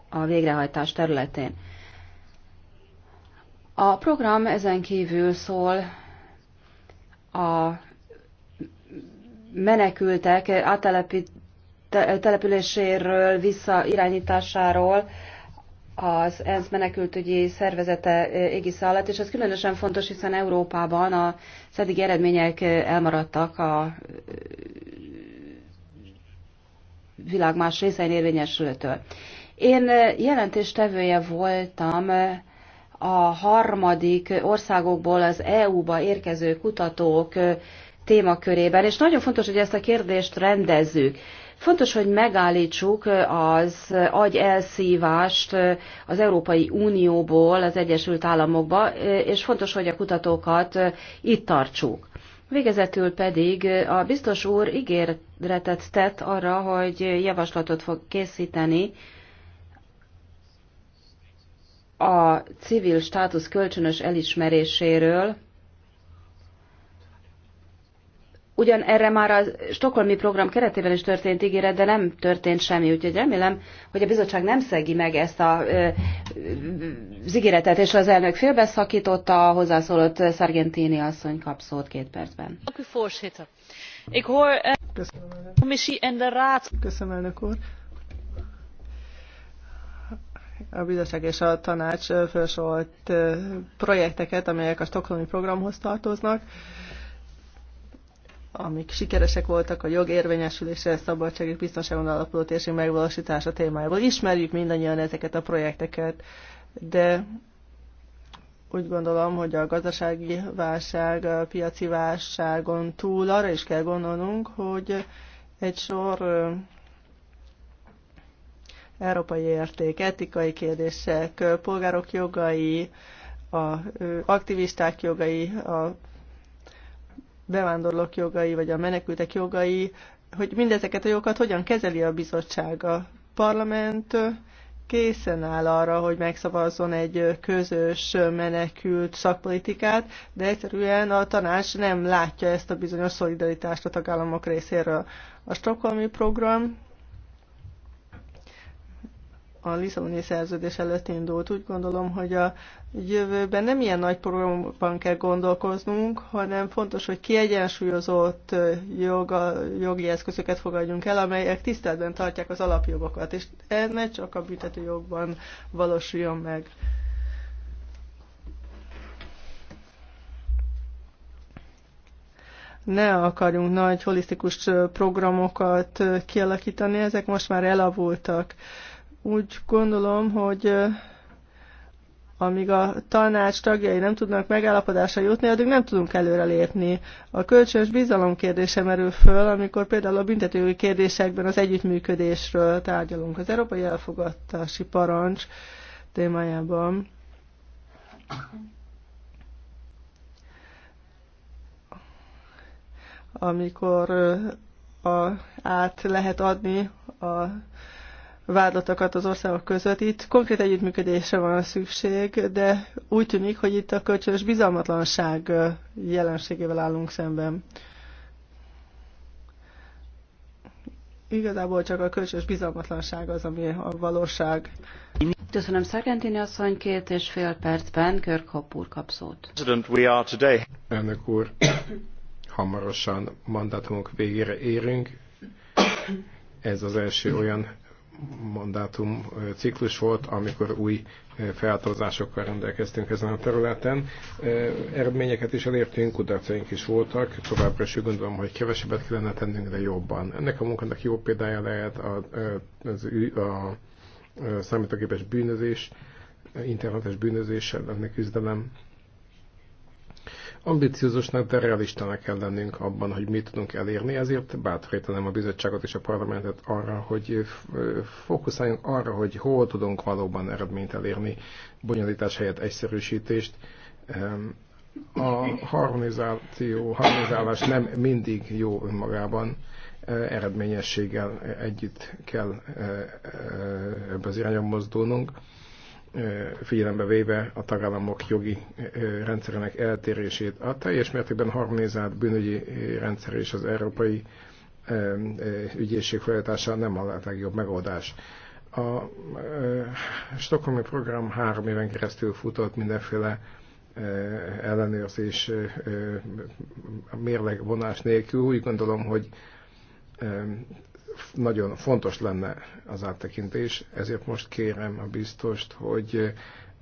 a végrehajtás területén. A program ezen kívül szól a menekültek áttelepüléséről, visszairányításáról az ENSZ menekültügyi szervezete égisze alatt, és ez különösen fontos, hiszen Európában a szedig eredmények elmaradtak a világ más részein érvényesülőtől. Én jelentéstevője voltam a harmadik országokból az EU-ba érkező kutatók témakörében, és nagyon fontos, hogy ezt a kérdést rendezzük. Fontos, hogy megállítsuk az agy elszívást az Európai Unióból az Egyesült Államokba, és fontos, hogy a kutatókat itt tartsuk. Végezetül pedig a biztos úr ígéretet tett arra, hogy javaslatot fog készíteni a civil státusz kölcsönös elismeréséről, ugyan erre már a stokholmi program keretében is történt ígéret, de nem történt semmi, úgyhogy remélem, hogy a bizottság nem szegi meg ezt a, az ígéretet, és az elnök félbeszakította a hozzászólott szargentini asszony kap szót két percben. Eh, Köszönöm, elnök úr. A bizottság és a tanács felsorolt projekteket, amelyek a stokholmi programhoz tartoznak amik sikeresek voltak a jog érvényesülése, szabadság és biztonságon alapuló térség megvalósítása témájából. Ismerjük mindannyian ezeket a projekteket, de úgy gondolom, hogy a gazdasági válság, a piaci válságon túl arra is kell gondolnunk, hogy egy sor európai érték, etikai kérdések, polgárok jogai, a aktivisták jogai, a bevándorlók jogai, vagy a menekültek jogai, hogy mindezeket a jogokat hogyan kezeli a bizottság. A parlament készen áll arra, hogy megszavazzon egy közös menekült szakpolitikát, de egyszerűen a tanács nem látja ezt a bizonyos szolidaritást a tagállamok részéről. A Stockholmi program a Lisszaboni szerződés előtt indult. Úgy gondolom, hogy a jövőben nem ilyen nagy programban kell gondolkoznunk, hanem fontos, hogy kiegyensúlyozott joga, jogi eszközöket fogadjunk el, amelyek tiszteletben tartják az alapjogokat, és ne csak a büntetőjogban valósuljon meg. ne akarjunk nagy holisztikus programokat kialakítani, ezek most már elavultak. Úgy gondolom, hogy amíg a tanács tagjai nem tudnak megállapodásra jutni, addig nem tudunk előrelépni. A kölcsönös bizalom kérdése merül föl, amikor például a büntetői kérdésekben az együttműködésről tárgyalunk. Az Európai Elfogadási Parancs témájában. Amikor a, át lehet adni a vádlatokat az országok között. Itt konkrét együttműködésre van szükség, de úgy tűnik, hogy itt a kölcsönös bizalmatlanság jelenségével állunk szemben. Igazából csak a kölcsönös bizalmatlanság az, ami a valóság. Köszönöm Szargentini asszony, két és fél percben Körkhopp úr kap szót. Elnök úr, hamarosan mandátumok végére érünk. Ez az első olyan mandátum ciklus volt, amikor új feltartásokkal rendelkeztünk ezen a területen. Eredményeket is elértünk, kudarcaink is voltak, továbbra is gondolom, hogy kevesebbet kellene tennünk, de jobban. Ennek a munkának jó példája lehet a, az, a, a számítógépes bűnözés, internetes bűnözéssel lenne küzdelem, ambiciózusnak, de realistának kell lennünk abban, hogy mit tudunk elérni, ezért bátorítanám a bizottságot és a parlamentet arra, hogy fókuszáljunk arra, hogy hol tudunk valóban eredményt elérni, bonyolítás helyett egyszerűsítést. A harmonizáció, harmonizálás nem mindig jó önmagában, e, eredményességgel együtt kell e, e, ebbe az irányba mozdulnunk figyelembe véve a tagállamok jogi rendszerének eltérését. A teljes mértékben harmonizált bűnügyi rendszer és az európai ügyészség folytatása nem a legjobb megoldás. A Stockholmi program három éven keresztül futott mindenféle ellenőrzés mérlegvonás nélkül. Úgy gondolom, hogy nagyon fontos lenne az áttekintés, ezért most kérem a biztost, hogy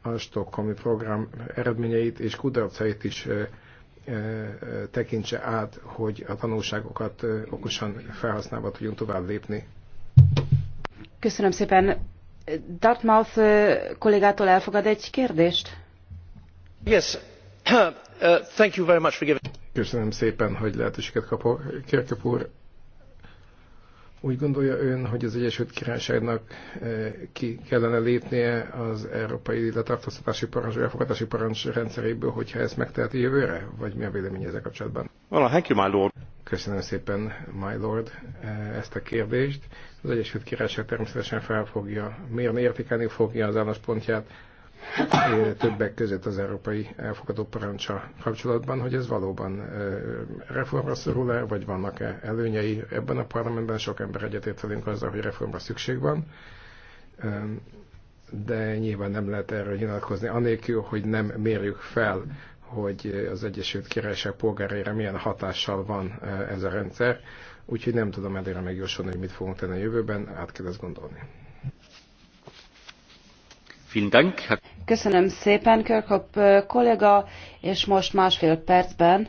a Stockholmi program eredményeit és kudarcait is tekintse át, hogy a tanulságokat okosan felhasználva tudjunk tovább lépni. Köszönöm szépen. Dartmouth kollégától elfogad egy kérdést? Yes. *coughs* Uh, thank you very much for giving... Köszönöm szépen, hogy lehetőséget kapok. Kérkep úr, úgy gondolja ön, hogy az Egyesült Királyságnak eh, ki kellene lépnie az európai letartóztatási parancs, elfogadási parancs rendszeréből, hogyha ezt megteheti jövőre? Vagy mi a vélemény ezzel kapcsolatban? Well, thank you, my lord. Köszönöm szépen, my lord, eh, ezt a kérdést. Az Egyesült Királyság természetesen fel fogja mérni, értékelni fogja az álláspontját többek között az európai elfogadó parancsa kapcsolatban, hogy ez valóban reformra szorul -e, vagy vannak-e előnyei. Ebben a parlamentben sok ember egyetért velünk azzal, hogy reformra szükség van, de nyilván nem lehet erről nyilatkozni, anélkül, hogy nem mérjük fel, hogy az Egyesült Királyság polgáraira milyen hatással van ez a rendszer, úgyhogy nem tudom előre megjósolni, hogy mit fogunk tenni a jövőben, át kell ezt gondolni. Köszönöm szépen, Körkop kollega, és most másfél percben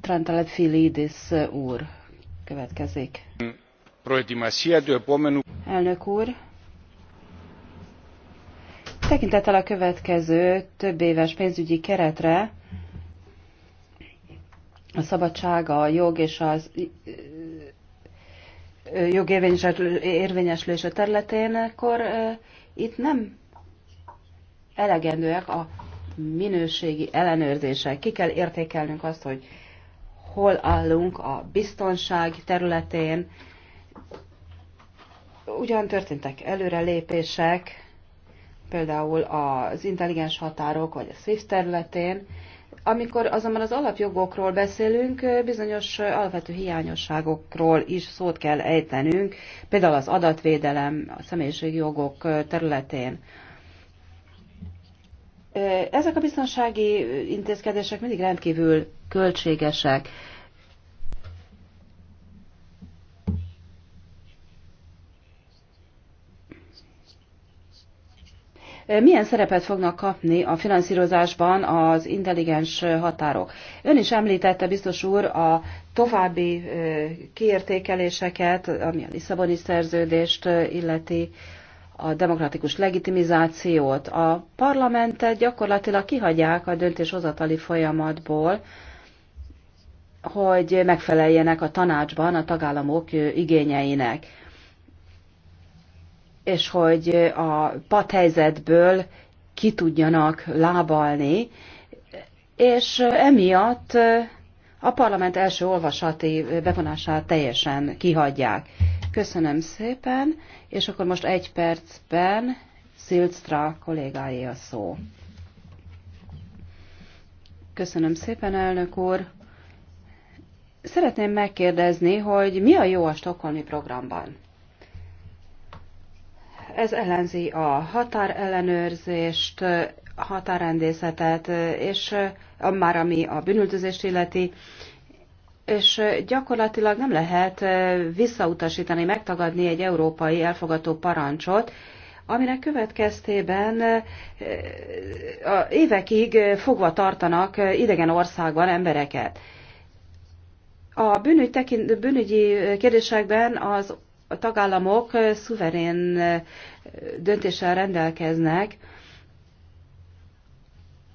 Trantalet Filidis úr következik. Elnök úr, tekintettel a következő több éves pénzügyi keretre, a szabadság, a jog és az jog területén, akkor itt nem elegendőek a minőségi ellenőrzések. Ki kell értékelnünk azt, hogy hol állunk a biztonság területén. Ugyan történtek előrelépések, például az intelligens határok vagy a SWIFT területén, amikor azonban az alapjogokról beszélünk, bizonyos alapvető hiányosságokról is szót kell ejtenünk, például az adatvédelem, a személyiségjogok területén. Ezek a biztonsági intézkedések mindig rendkívül költségesek. Milyen szerepet fognak kapni a finanszírozásban az intelligens határok? Ön is említette, biztos úr, a további kiértékeléseket, ami a Lisszaboni szerződést illeti, a demokratikus legitimizációt. A parlamentet gyakorlatilag kihagyják a döntéshozatali folyamatból, hogy megfeleljenek a tanácsban a tagállamok igényeinek, és hogy a padhelyzetből ki tudjanak lábalni, és emiatt a parlament első olvasati bevonását teljesen kihagyják. Köszönöm szépen, és akkor most egy percben Szilcstra kollégáé a szó. Köszönöm szépen, elnök úr. Szeretném megkérdezni, hogy mi a jó a stokholmi programban? Ez ellenzi a határellenőrzést, határrendészetet, és már ami a bűnüldözést illeti, és gyakorlatilag nem lehet visszautasítani, megtagadni egy európai elfogató parancsot, aminek következtében évekig fogva tartanak idegen országban embereket. A bűnügy tekint, bűnügyi kérdésekben az tagállamok szuverén döntéssel rendelkeznek,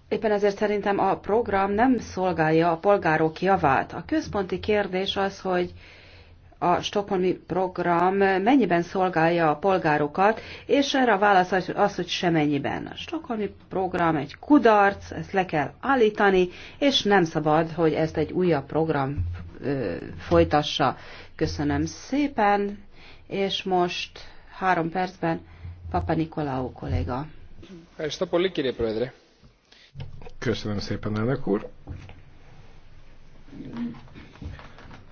Éppen ezért szerintem a program nem szolgálja a polgárok javát. A központi kérdés az, hogy a Stockholmi program mennyiben szolgálja a polgárokat, és erre a válasz az, hogy semennyiben. A Stockholmi program egy kudarc, ezt le kell állítani, és nem szabad, hogy ezt egy újabb program ö, folytassa. Köszönöm szépen, és most három percben Papa Nikolaou kolléga. Köszönöm, Köszönöm szépen, elnök úr.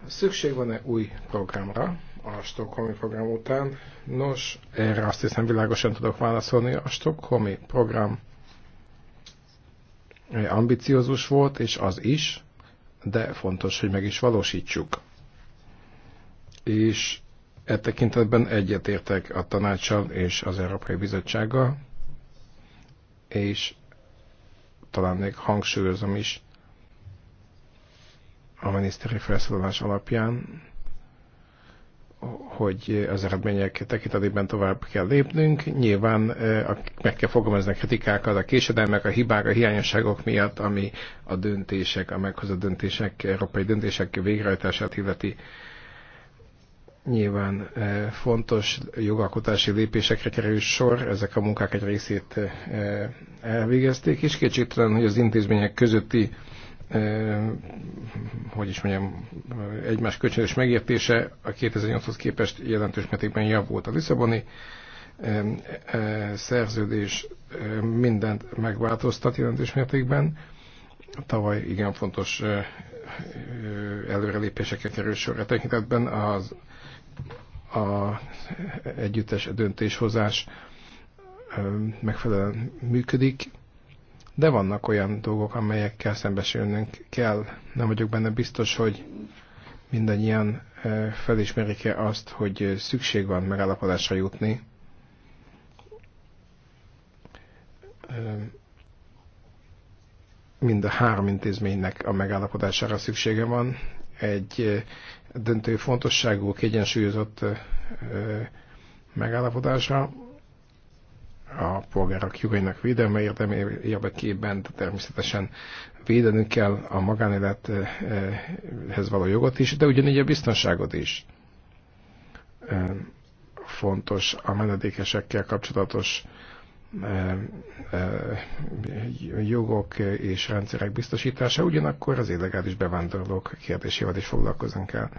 Szükség van-e új programra a Stockholmi program után? Nos, erre azt hiszem világosan tudok válaszolni. A Stockholmi program eh, ambiciózus volt, és az is, de fontos, hogy meg is valósítsuk. És e tekintetben egyetértek a tanácssal és az Európai Bizottsággal, és talán még hangsúlyozom is a miniszteri felszólalás alapján, hogy az eredmények tekintetében tovább kell lépnünk. Nyilván eh, meg kell fogalmazni a kritikákat, a késedelmek, a hibák, a hiányosságok miatt, ami a döntések, a meghozott döntések, európai döntések végrehajtását illeti Nyilván eh, fontos jogalkotási lépésekre kerül sor, ezek a munkák egy részét eh, elvégezték, és kétségtelen, hogy az intézmények közötti eh, hogy is mondjam, egymás kölcsönös megértése a 2008-hoz képest jelentős mértékben javult. A Lisszaboni szerződés mindent megváltoztat jelentős mértékben. Tavaly igen fontos előrelépésekre került sor a tekintetben az a együttes döntéshozás megfelelően működik, de vannak olyan dolgok, amelyekkel szembesülnünk kell. Nem vagyok benne biztos, hogy mindannyian felismerik-e azt, hogy szükség van megállapodásra jutni. Mind a három intézménynek a megállapodására szüksége van. Egy döntő fontosságú, kiegyensúlyozott megállapodásra a polgárok jogainak védelme érdekében természetesen védenünk kell a magánélethez való jogot is, de ugyanígy a biztonságot is. Fontos a menedékesekkel kapcsolatos jogok és rendszerek biztosítása, ugyanakkor az illegális bevándorlók kérdésével is foglalkozunk el.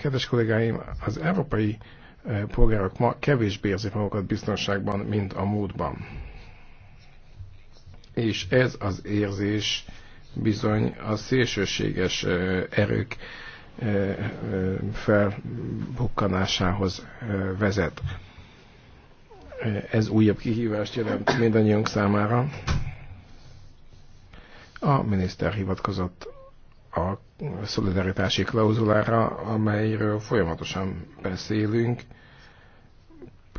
Kedves kollégáim, az európai polgárok ma kevésbé érzik magukat biztonságban, mint a múltban. És ez az érzés bizony a szélsőséges erők felbukkanásához vezet ez újabb kihívást jelent mindannyiunk számára. A miniszter hivatkozott a szolidaritási klauzulára, amelyről folyamatosan beszélünk,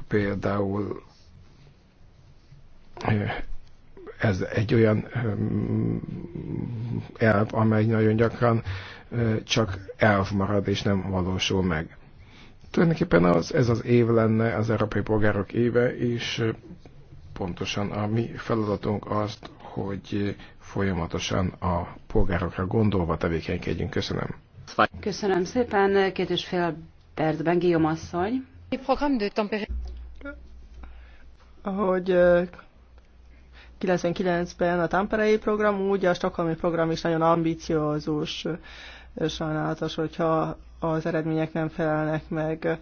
például eh, ez egy olyan eh, elv, amely nagyon gyakran eh, csak elv marad és nem valósul meg. Tulajdonképpen az, ez az év lenne az európai polgárok éve, és pontosan a mi feladatunk azt, hogy folyamatosan a polgárokra gondolva tevékenykedjünk. Köszönöm. Köszönöm szépen. Két és fél percben Guillaume asszony. Ahogy 99-ben a Tamperei program, úgy a Stockholmi program is nagyon ambiciózus. Sajnálatos, hogyha az eredmények nem felelnek meg.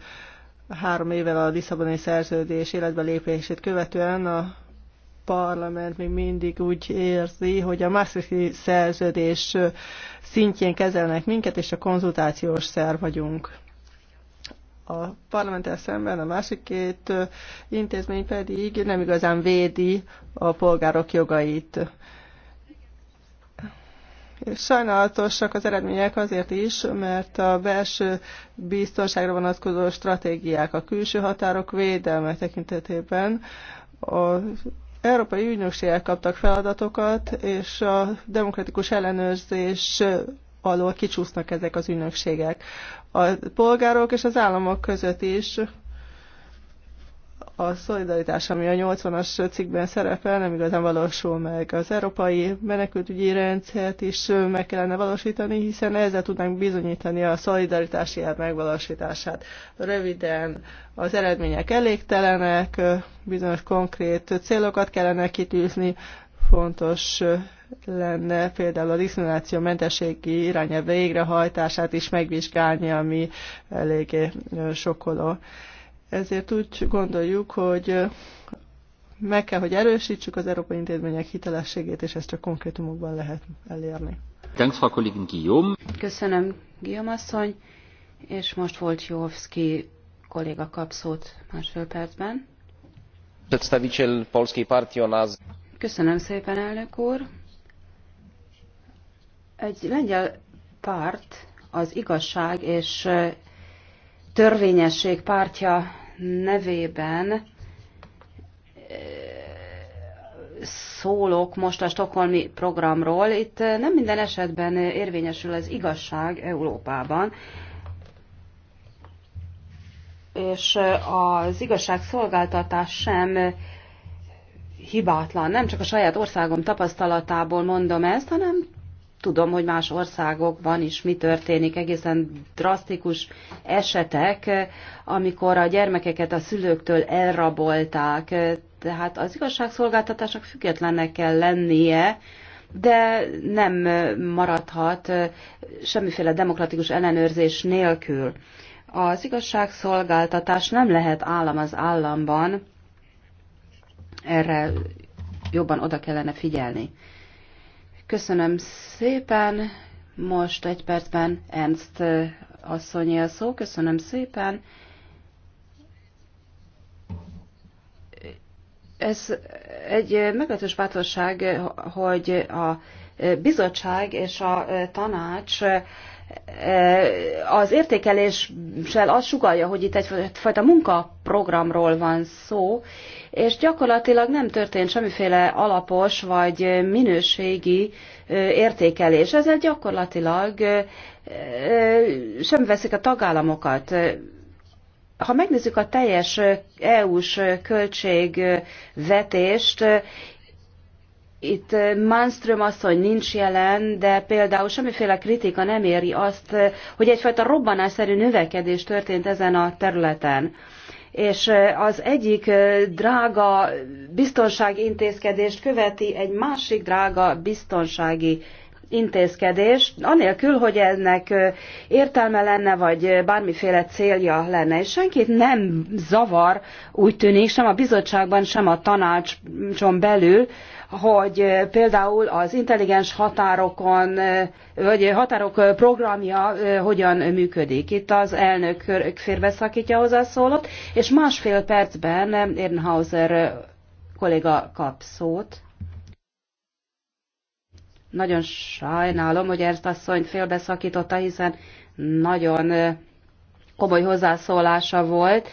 Három évvel a Lisszaboni szerződés életbe lépését követően a parlament még mindig úgy érzi, hogy a Maastrichti szerződés szintjén kezelnek minket, és a konzultációs szer vagyunk. A parlamenttel szemben a másik két intézmény pedig nem igazán védi a polgárok jogait Sajnálatosak az eredmények azért is, mert a belső biztonságra vonatkozó stratégiák a külső határok védelme tekintetében az európai ügynökségek kaptak feladatokat, és a demokratikus ellenőrzés alól kicsúsznak ezek az ügynökségek. A polgárok és az államok között is a szolidaritás, ami a 80-as cikkben szerepel, nem igazán valósul meg. Az európai menekültügyi rendszert is meg kellene valósítani, hiszen ezzel tudnánk bizonyítani a szolidaritási elv megvalósítását. Röviden az eredmények elégtelenek, bizonyos konkrét célokat kellene kitűzni, fontos lenne például a diszkrimináció mentességi irányelv végrehajtását is megvizsgálni, ami eléggé sokkoló. Ezért úgy gondoljuk, hogy meg kell, hogy erősítsük az európai intézmények hitelességét, és ezt csak konkrétumokban lehet elérni. Köszönöm, Guillaume asszony, és most volt Jóvszki kolléga kap szót másfél percben. Köszönöm szépen, elnök úr. Egy lengyel párt az igazság és törvényesség pártja nevében eh, szólok most a stokholmi programról. Itt eh, nem minden esetben érvényesül az igazság Európában, és eh, az igazságszolgáltatás sem hibátlan. Nem csak a saját országom tapasztalatából mondom ezt, hanem tudom, hogy más országokban is mi történik, egészen drasztikus esetek, amikor a gyermekeket a szülőktől elrabolták. Tehát az igazságszolgáltatásnak függetlennek kell lennie, de nem maradhat semmiféle demokratikus ellenőrzés nélkül. Az igazságszolgáltatás nem lehet állam az államban, erre jobban oda kellene figyelni. Köszönöm szépen. Most egy percben Ernst asszonyi a szó. Köszönöm szépen. Ez egy meglehetős bátorság, hogy a bizottság és a tanács az értékeléssel azt sugalja, hogy itt egyfajta munkaprogramról van szó, és gyakorlatilag nem történt semmiféle alapos vagy minőségi értékelés. Ezzel gyakorlatilag sem veszik a tagállamokat. Ha megnézzük a teljes EU-s költségvetést, itt Manström asszony nincs jelen, de például semmiféle kritika nem éri azt, hogy egyfajta robbanásszerű növekedés történt ezen a területen és az egyik drága biztonsági intézkedést követi egy másik drága biztonsági intézkedés, anélkül, hogy ennek értelme lenne, vagy bármiféle célja lenne. És senkit nem zavar, úgy tűnik, sem a bizottságban, sem a tanácson belül, hogy például az intelligens határokon, vagy határok programja hogyan működik. Itt az elnök félbeszakítja hozzászólót, és másfél percben Ernhauser kolléga kap szót. Nagyon sajnálom, hogy ezt szonyt félbeszakította, hiszen nagyon komoly hozzászólása volt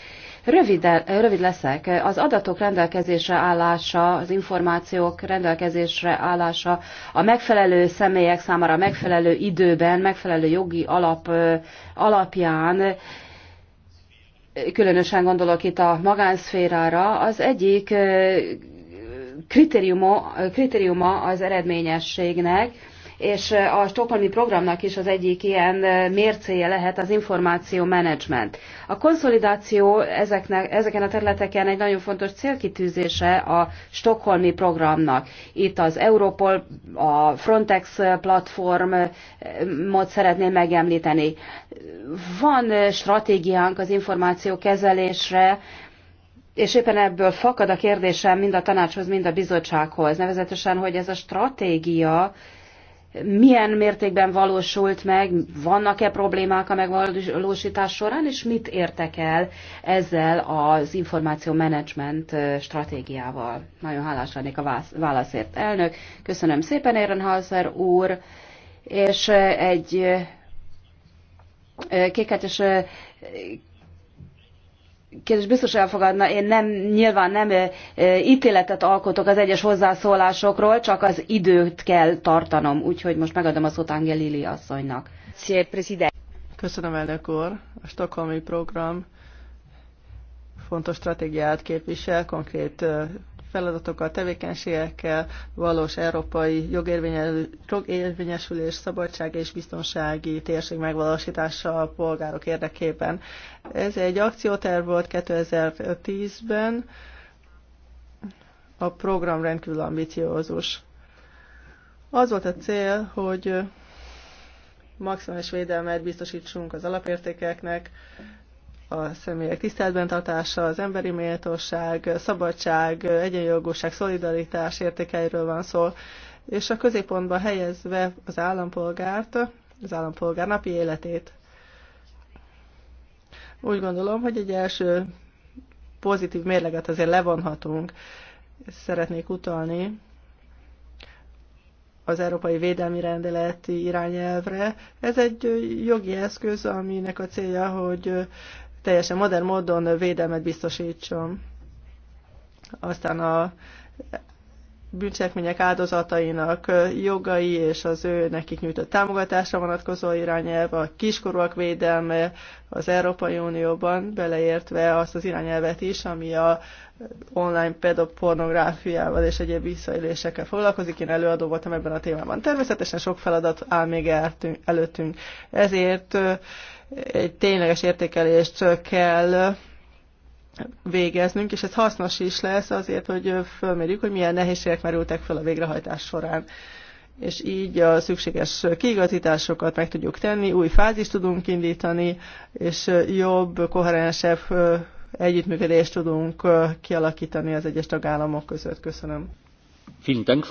Rövid, rövid leszek. Az adatok rendelkezésre állása, az információk rendelkezésre állása, a megfelelő személyek számára megfelelő időben, megfelelő jogi alap alapján, különösen gondolok itt a magánszférára, az egyik kritériuma, kritériuma az eredményességnek, és a stokholmi programnak is az egyik ilyen mércéje lehet az információ menedzsment. A konszolidáció ezeknek, ezeken a területeken egy nagyon fontos célkitűzése a stokholmi programnak. Itt az Europol, a Frontex platformot szeretném megemlíteni. Van stratégiánk az információ kezelésre, és éppen ebből fakad a kérdésem mind a tanácshoz, mind a bizottsághoz, nevezetesen, hogy ez a stratégia milyen mértékben valósult meg, vannak-e problémák a megvalósítás során, és mit értek el ezzel az információ menedzsment stratégiával. Nagyon hálás lennék a válaszért, elnök. Köszönöm szépen, Ehrenhauser úr, és egy kéket és kérdés biztos elfogadna, én nem, nyilván nem ítéletet alkotok az egyes hozzászólásokról, csak az időt kell tartanom, úgyhogy most megadom a szót Angelili asszonynak. Köszönöm, elnök úr. A Stockholmi program fontos stratégiát képvisel, konkrét feladatokkal, tevékenységekkel, valós európai jogérvényesülés, szabadság és biztonsági térség megvalósítása a polgárok érdekében. Ez egy akcióterv volt 2010-ben, a program rendkívül ambiciózus. Az volt a cél, hogy maximális védelmet biztosítsunk az alapértékeknek, a személyek tiszteletben tartása, az emberi méltóság, szabadság, egyenjogúság, szolidaritás értékeiről van szó, és a középpontba helyezve az állampolgárt, az állampolgár napi életét. Úgy gondolom, hogy egy első pozitív mérleget azért levonhatunk. Szeretnék utalni az Európai Védelmi Rendeleti irányelvre. Ez egy jogi eszköz, aminek a célja, hogy teljesen modern módon védelmet biztosítson. Aztán a bűncselekmények áldozatainak jogai és az ő nekik nyújtott támogatásra vonatkozó irányelv, a kiskorúak védelme az Európai Unióban, beleértve azt az irányelvet is, ami a online pedopornográfiával és egyéb visszaélésekkel foglalkozik. Én előadó voltam ebben a témában. Természetesen sok feladat áll még előttünk. Ezért egy tényleges értékelést kell végeznünk, és ez hasznos is lesz azért, hogy fölmérjük, hogy milyen nehézségek merültek fel a végrehajtás során. És így a szükséges kiigazításokat meg tudjuk tenni, új fázist tudunk indítani, és jobb, koherensebb együttműködést tudunk kialakítani az egyes tagállamok között. Köszönöm. Vielen Dank.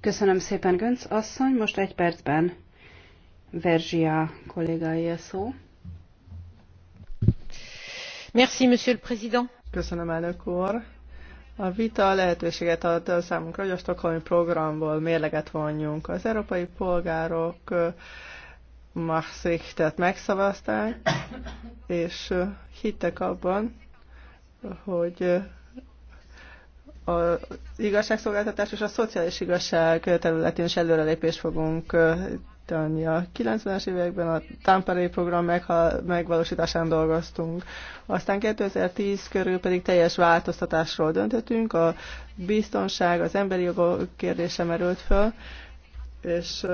Köszönöm szépen, Gönc asszony. Most egy percben Verzsia a szó. Merci, monsieur le président. Köszönöm, elnök úr. A vita lehetőséget ad számunkra, hogy a Stockholmi programból mérleget vonjunk. Az európai polgárok Maastrichtet megszavazták, és hittek abban, hogy az igazságszolgáltatás és a szociális igazság területén is előrelépést fogunk tenni. A 90-es években a Tampere program megvalósításán dolgoztunk. Aztán 2010 körül pedig teljes változtatásról döntöttünk, a biztonság, az emberi jogok kérdése merült föl, és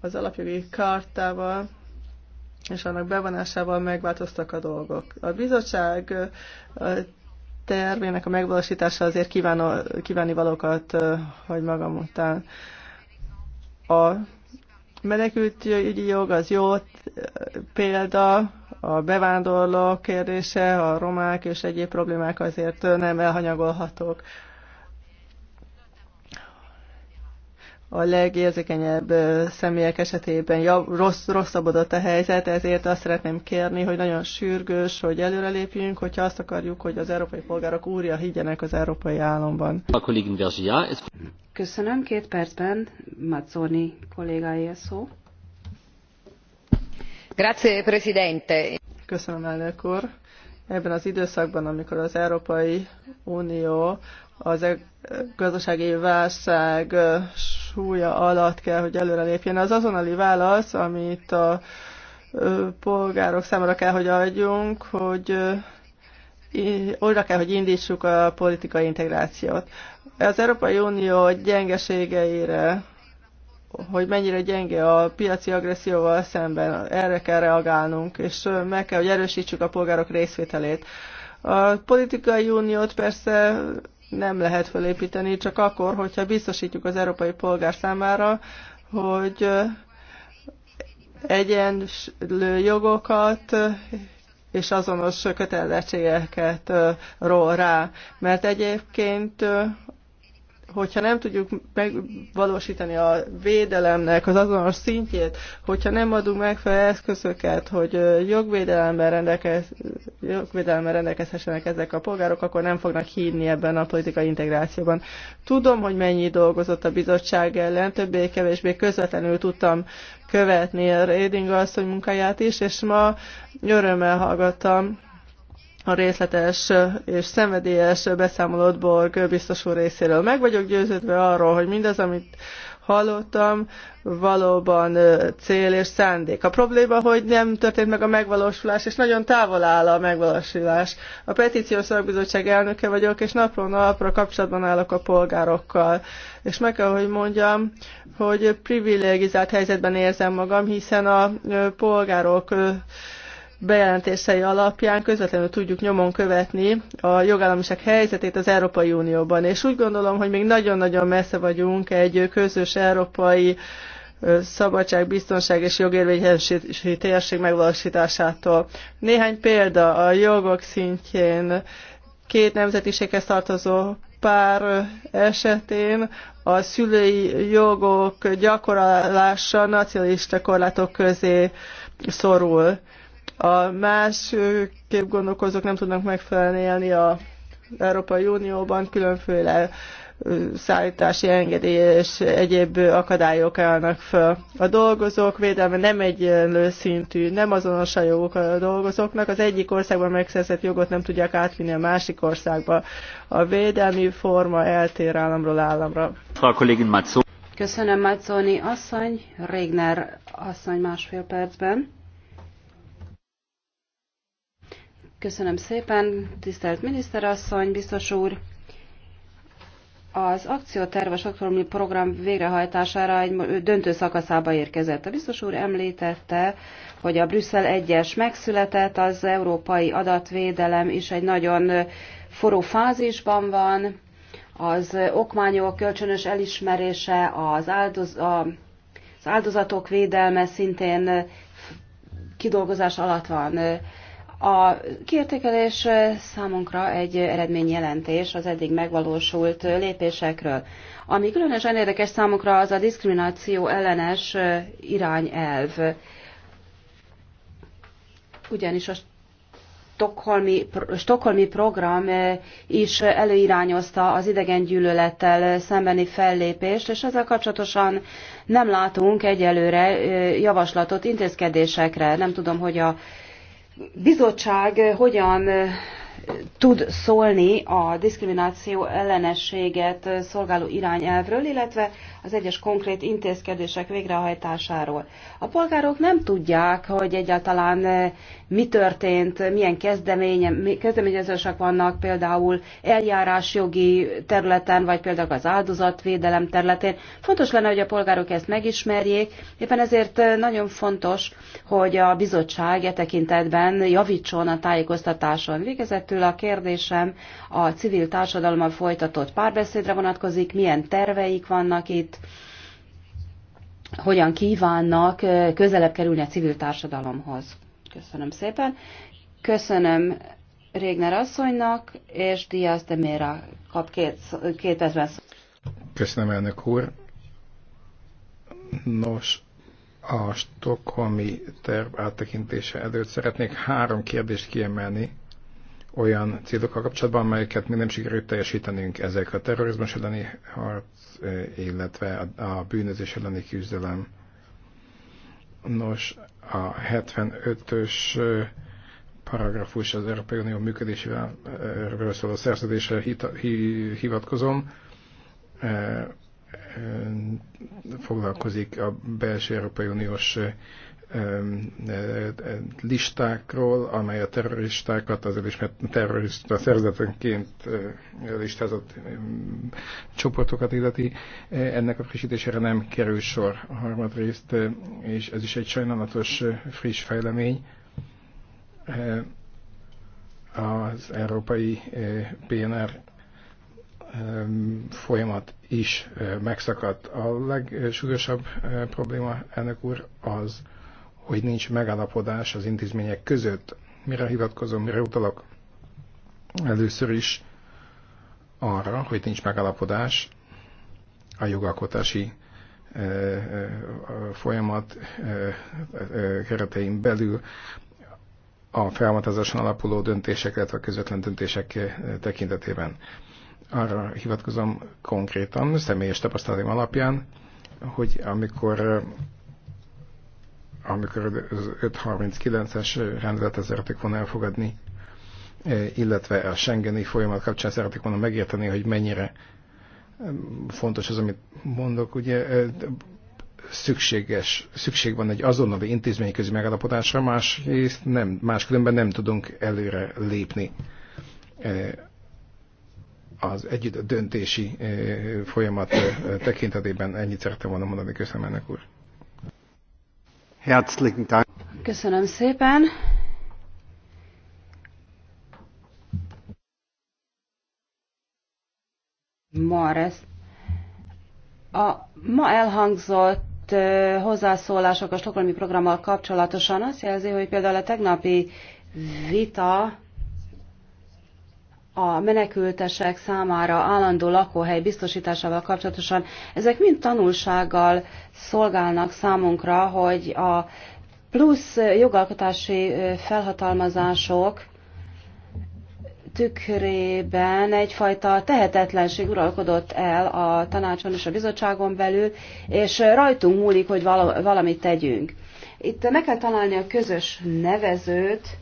az alapjogi kartával és annak bevonásával megváltoztak a dolgok. A bizottság tervének a megvalósítása azért kívánó, valókat hagy magam után. A menekült ügyi jog az jó példa, a bevándorló kérdése, a romák és egyéb problémák azért nem elhanyagolhatók. a legérzékenyebb személyek esetében jav, rossz, rosszabbodott a helyzet, ezért azt szeretném kérni, hogy nagyon sürgős, hogy előrelépjünk, hogyha azt akarjuk, hogy az európai polgárok úrja higgyenek az európai államban. Köszönöm, két percben Mazzoni kollégáé szó. Grazie, Presidente. Köszönöm, elnök úr. Ebben az időszakban, amikor az Európai Unió az e- gazdasági válság súlya alatt kell, hogy előrelépjen. Az azonnali válasz, amit a polgárok számára kell, hogy adjunk, hogy olyra kell, hogy indítsuk a politikai integrációt. Az Európai Unió gyengeségeire, hogy mennyire gyenge a piaci agresszióval szemben, erre kell reagálnunk, és meg kell, hogy erősítsük a polgárok részvételét. A politikai uniót persze nem lehet felépíteni, csak akkor, hogyha biztosítjuk az európai polgár számára, hogy egyenlő jogokat és azonos kötelezettségeket ró rá. Mert egyébként hogyha nem tudjuk megvalósítani a védelemnek az azonos szintjét, hogyha nem adunk megfelelő eszközöket, hogy jogvédelemmel, rendelkez, jogvédelemmel rendelkezhessenek ezek a polgárok, akkor nem fognak hinni ebben a politikai integrációban. Tudom, hogy mennyi dolgozott a bizottság ellen, többé-kevésbé közvetlenül tudtam követni a Réding asszony munkáját is, és ma örömmel hallgattam a részletes és szenvedélyes beszámolót Borg biztos úr részéről. Meg vagyok győződve arról, hogy mindaz, amit hallottam, valóban cél és szándék. A probléma, hogy nem történt meg a megvalósulás, és nagyon távol áll a megvalósulás. A petíciós szakbizottság elnöke vagyok, és napról napra kapcsolatban állok a polgárokkal. És meg kell, hogy mondjam, hogy privilegizált helyzetben érzem magam, hiszen a polgárok bejelentései alapján közvetlenül tudjuk nyomon követni a jogállamiság helyzetét az Európai Unióban. És úgy gondolom, hogy még nagyon-nagyon messze vagyunk egy közös európai szabadság, biztonság és jogérvényesítési térség megvalósításától. Néhány példa a jogok szintjén két nemzetiséghez tartozó pár esetén a szülői jogok gyakorlása nacionalista korlátok közé szorul. A más gondolkozók nem tudnak megfelelni élni a Európai Unióban, különféle szállítási engedély és egyéb akadályok állnak föl. A dolgozók védelme nem egyenlő szintű, nem azonos a jogok a dolgozóknak, az egyik országban megszerzett jogot nem tudják átvinni a másik országba. A védelmi forma eltér államról államra. Köszönöm, Mazzoni asszony, Régner asszony másfél percben. Köszönöm szépen, tisztelt miniszterasszony, biztos úr! Az akcióterv a Stockholmi program végrehajtására egy döntő szakaszába érkezett. A biztos úr említette, hogy a Brüsszel 1-es megszületett, az európai adatvédelem is egy nagyon forró fázisban van, az okmányok kölcsönös elismerése, az, áldoz, a, az áldozatok védelme szintén kidolgozás alatt van. A kiértékelés számunkra egy eredményjelentés az eddig megvalósult lépésekről. Ami különösen érdekes számunkra az a diszkrimináció ellenes irányelv. Ugyanis a stokholmi, stokholmi program is előirányozta az idegengyűlölettel szembeni fellépést, és ezzel kapcsolatosan nem látunk egyelőre javaslatot intézkedésekre. Nem tudom, hogy a bizottság eh, hogyan eh, tud szólni a diszkrimináció ellenességet eh, szolgáló irányelvről, illetve az egyes konkrét intézkedések végrehajtásáról. A polgárok nem tudják, hogy egyáltalán eh, mi történt, milyen kezdeményezések vannak például eljárásjogi területen, vagy például az áldozatvédelem területén. Fontos lenne, hogy a polgárok ezt megismerjék, éppen ezért eh, nagyon fontos, hogy a bizottság e tekintetben javítson a tájékoztatáson. Végezetül a kérdésem a civil társadalommal folytatott párbeszédre vonatkozik, milyen terveik vannak itt, hogyan kívánnak közelebb kerülni a civil társadalomhoz. Köszönöm szépen. Köszönöm Régner asszonynak, és Diaz de Mera kap két, két percben szó. Köszönöm, elnök úr. Nos, a stokholmi terv áttekintése előtt szeretnék három kérdést kiemelni, olyan célokkal kapcsolatban, amelyeket mi nem sikerült teljesítenünk ezek a terrorizmus elleni harc, illetve a bűnözés elleni küzdelem. Nos, a 75-ös paragrafus az Európai Unió működésével szóló szerződésre hivatkozom, foglalkozik a belső Európai Uniós listákról, amely a terroristákat az elismert terrorista szerzetenként listázott csoportokat illeti. Ennek a frissítésére nem kerül sor a harmadrészt, és ez is egy sajnálatos friss fejlemény. Az európai PNR folyamat is megszakadt. A legsúlyosabb probléma, elnök úr, az, hogy nincs megállapodás az intézmények között. Mire hivatkozom, mire utalok? Először is arra, hogy nincs megállapodás a jogalkotási e, e, folyamat e, keretein belül a felmatázáson alapuló döntések, illetve a közvetlen döntések tekintetében. Arra hivatkozom konkrétan, személyes tapasztalatom alapján, hogy amikor amikor az 539-es rendeletet szeretik volna elfogadni, e, illetve a Schengeni folyamat kapcsán szeretik volna megérteni, hogy mennyire e, fontos az, amit mondok. Ugye e, szükséges, szükség van egy azonnali intézményközi megállapodásra, másrészt nem, máskülönben nem tudunk előre lépni az együtt döntési folyamat tekintetében ennyit szerettem volna mondani. Köszönöm ennek úr. Herzlichen Dank. Köszönöm szépen. Marez. A ma elhangzott hozzászólások a stokholmi programmal kapcsolatosan azt jelzi, hogy például a tegnapi vita a menekültesek számára állandó lakóhely biztosításával kapcsolatosan, ezek mind tanulsággal szolgálnak számunkra, hogy a plusz jogalkotási felhatalmazások tükrében egyfajta tehetetlenség uralkodott el a tanácson és a bizottságon belül, és rajtunk múlik, hogy valamit tegyünk. Itt meg kell találni a közös nevezőt,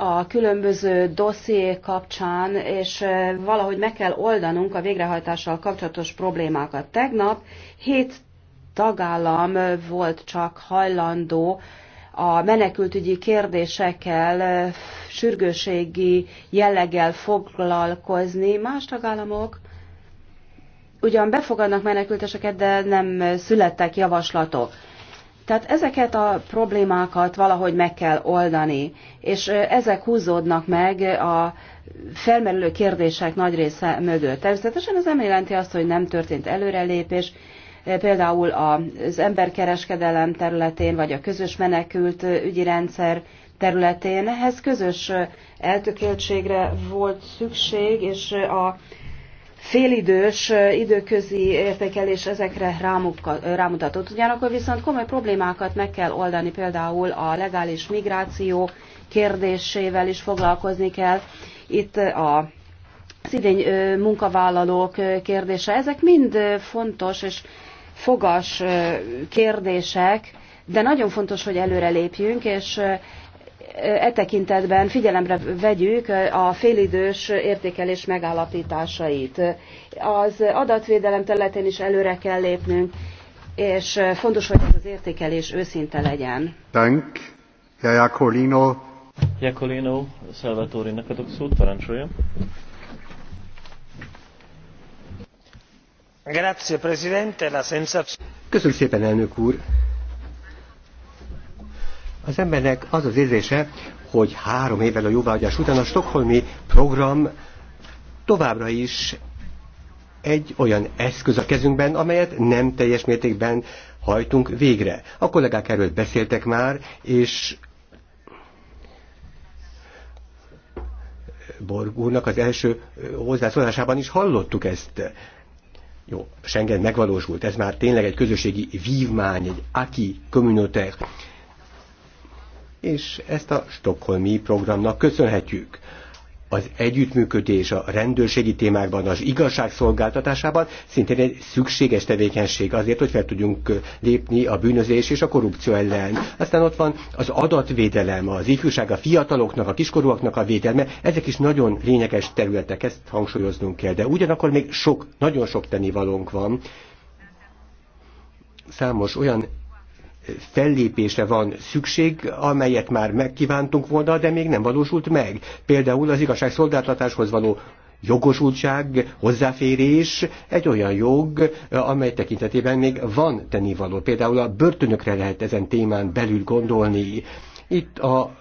a különböző dosszié kapcsán, és valahogy meg kell oldanunk a végrehajtással kapcsolatos problémákat. Tegnap hét tagállam volt csak hajlandó a menekültügyi kérdésekkel sürgőségi jelleggel foglalkozni. Más tagállamok ugyan befogadnak menekülteseket, de nem születtek javaslatok. Tehát ezeket a problémákat valahogy meg kell oldani, és ezek húzódnak meg a felmerülő kérdések nagy része mögött. Természetesen ez nem jelenti azt, hogy nem történt előrelépés, például az emberkereskedelem területén, vagy a közös menekült ügyi rendszer területén. Ehhez közös eltökéltségre volt szükség, és a félidős időközi értékelés ezekre rámutatott. Ugyanakkor viszont komoly problémákat meg kell oldani, például a legális migráció kérdésével is foglalkozni kell. Itt a szidény munkavállalók kérdése, ezek mind fontos és fogas kérdések, de nagyon fontos, hogy előrelépjünk, és e tekintetben figyelemre vegyük a félidős értékelés megállapításait. Az adatvédelem területén is előre kell lépnünk, és fontos, hogy ez az értékelés őszinte legyen. Dank. Jacolino. Jacolino, Salvatore, neked szót parancsolja. Grazie, Presidente, la sensazione... Köszönöm szépen, elnök úr. Az embernek az az érzése, hogy három évvel a jóváhagyás után a stokholmi program továbbra is egy olyan eszköz a kezünkben, amelyet nem teljes mértékben hajtunk végre. A kollégák erről beszéltek már, és Borg úrnak az első hozzászólásában is hallottuk ezt. Jó, Schengen megvalósult, ez már tényleg egy közösségi vívmány, egy aki communautaire és ezt a stokholmi programnak köszönhetjük. Az együttműködés a rendőrségi témákban, az igazság szolgáltatásában szintén egy szükséges tevékenység azért, hogy fel tudjunk lépni a bűnözés és a korrupció ellen. Aztán ott van az adatvédelem, az ifjúság, a fiataloknak, a kiskorúaknak a védelme, ezek is nagyon lényeges területek, ezt hangsúlyoznunk kell. De ugyanakkor még sok, nagyon sok tennivalónk van, számos olyan fellépésre van szükség, amelyet már megkívántunk volna, de még nem valósult meg. Például az igazságszolgáltatáshoz való jogosultság, hozzáférés egy olyan jog, amely tekintetében még van tennivaló. Például a börtönökre lehet ezen témán belül gondolni. Itt a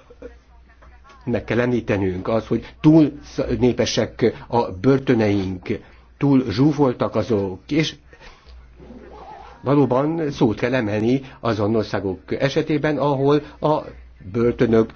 meg kell említenünk az, hogy túl népesek a börtöneink, túl zsúfoltak azok, és valóban szót kell emelni azon országok esetében, ahol a börtönök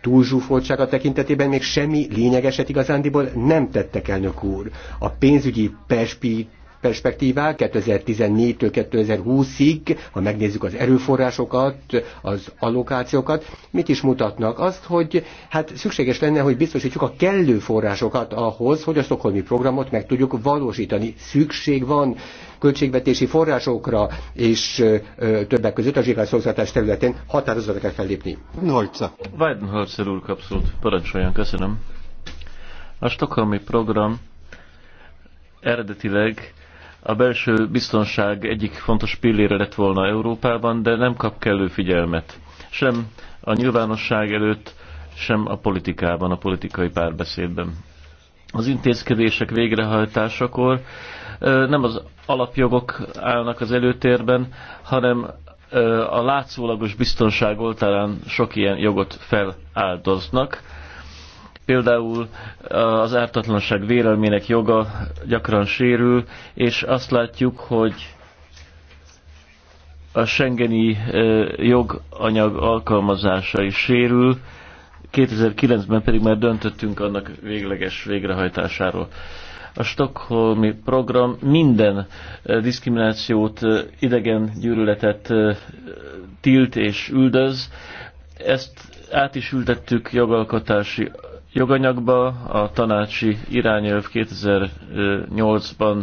túlzsúfoltsága tekintetében még semmi lényegeset igazándiból nem tettek, elnök úr. A pénzügyi perspi perspektívák 2014-től 2020-ig, ha megnézzük az erőforrásokat, az allokációkat, mit is mutatnak? Azt, hogy hát szükséges lenne, hogy biztosítsuk a kellő forrásokat ahhoz, hogy a Stockholmi programot meg tudjuk valósítani. Szükség van költségvetési forrásokra, és ö, többek között a zsigászolgáltatás területén határozottan kell fellépni. Nolca. Weidenholzer úr kapszót. Parancsoljon, köszönöm. A stokholmi program eredetileg a belső biztonság egyik fontos pillére lett volna Európában, de nem kap kellő figyelmet. Sem a nyilvánosság előtt, sem a politikában, a politikai párbeszédben. Az intézkedések végrehajtásakor nem az alapjogok állnak az előtérben, hanem a látszólagos biztonság oltárán sok ilyen jogot feláldoznak Például az ártatlanság vélelmének joga gyakran sérül, és azt látjuk, hogy a Schengeni joganyag alkalmazása is sérül, 2009-ben pedig már döntöttünk annak végleges végrehajtásáról. A Stockholmi program minden diszkriminációt, idegen gyűlöletet tilt és üldöz. Ezt át is ültettük jogalkotási joganyagba, a tanácsi irányelv 2008-ban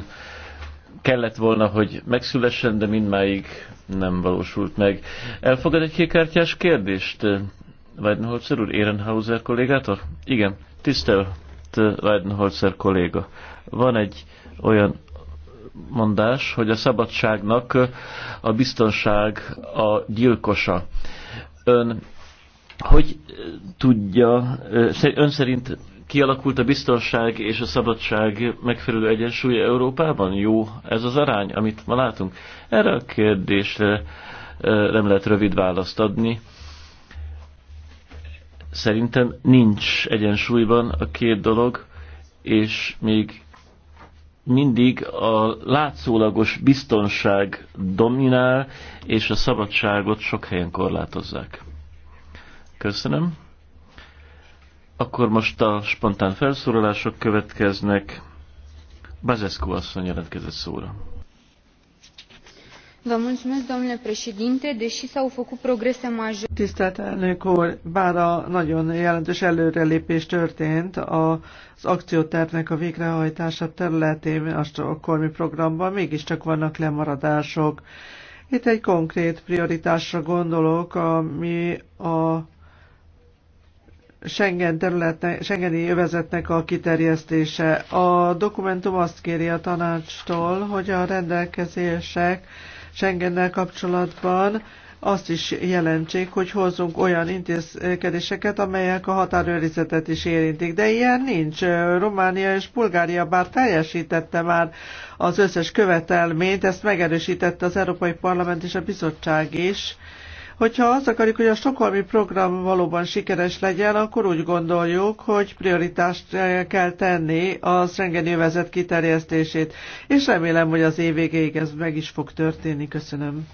kellett volna, hogy megszülessen, de mindmáig nem valósult meg. Elfogad egy kékártyás kérdést, Weidenholzer úr, Ehrenhauser kollégától? Igen, tisztelt eh, Weidenholzer kolléga. Van egy olyan mondás, hogy a szabadságnak a biztonság a gyilkosa. Ön hogy tudja, ön szerint kialakult a biztonság és a szabadság megfelelő egyensúlya Európában? Jó ez az arány, amit ma látunk? Erre a kérdésre nem lehet rövid választ adni. Szerintem nincs egyensúlyban a két dolog, és még mindig a látszólagos biztonság dominál, és a szabadságot sok helyen korlátozzák. Köszönöm. Akkor most a spontán felszólalások következnek. Bazescu asszony jelentkezett szóra. Vă mulțumesc, domnule președinte, deși s-au făcut progrese majore. Tisztelt elnök úr, bár a nagyon jelentős előrelépés történt az akciótervnek a végrehajtása területén, a kormi programban mégiscsak vannak lemaradások. Itt egy konkrét prioritásra gondolok, ami a Schengen területnek, Schengeni övezetnek a kiterjesztése. A dokumentum azt kéri a tanácstól, hogy a rendelkezések Schengennel kapcsolatban azt is jelentsék, hogy hozzunk olyan intézkedéseket, amelyek a határőrizetet is érintik. De ilyen nincs. Románia és Bulgária bár teljesítette már az összes követelményt, ezt megerősítette az Európai Parlament és a Bizottság is Hogyha azt akarjuk, hogy a stokholmi program valóban sikeres legyen, akkor úgy gondoljuk, hogy prioritást eh, kell tenni a Schengen övezet kiterjesztését, és remélem, hogy az év végéig ez meg is fog történni. Köszönöm.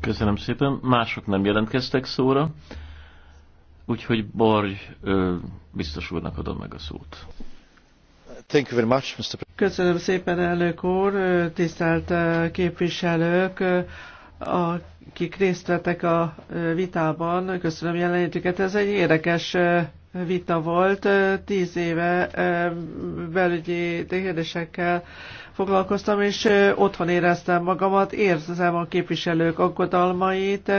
Köszönöm szépen. Mások nem jelentkeztek szóra, úgyhogy Bargy biztos úrnak adom meg a szót. Köszönöm szépen, elnök úr, tisztelt képviselők! akik részt vettek a vitában. Köszönöm jelenlétüket. Ez egy érdekes vita volt. Tíz éve belügyi kérdésekkel foglalkoztam, és otthon éreztem magamat, érzem a képviselők aggodalmait,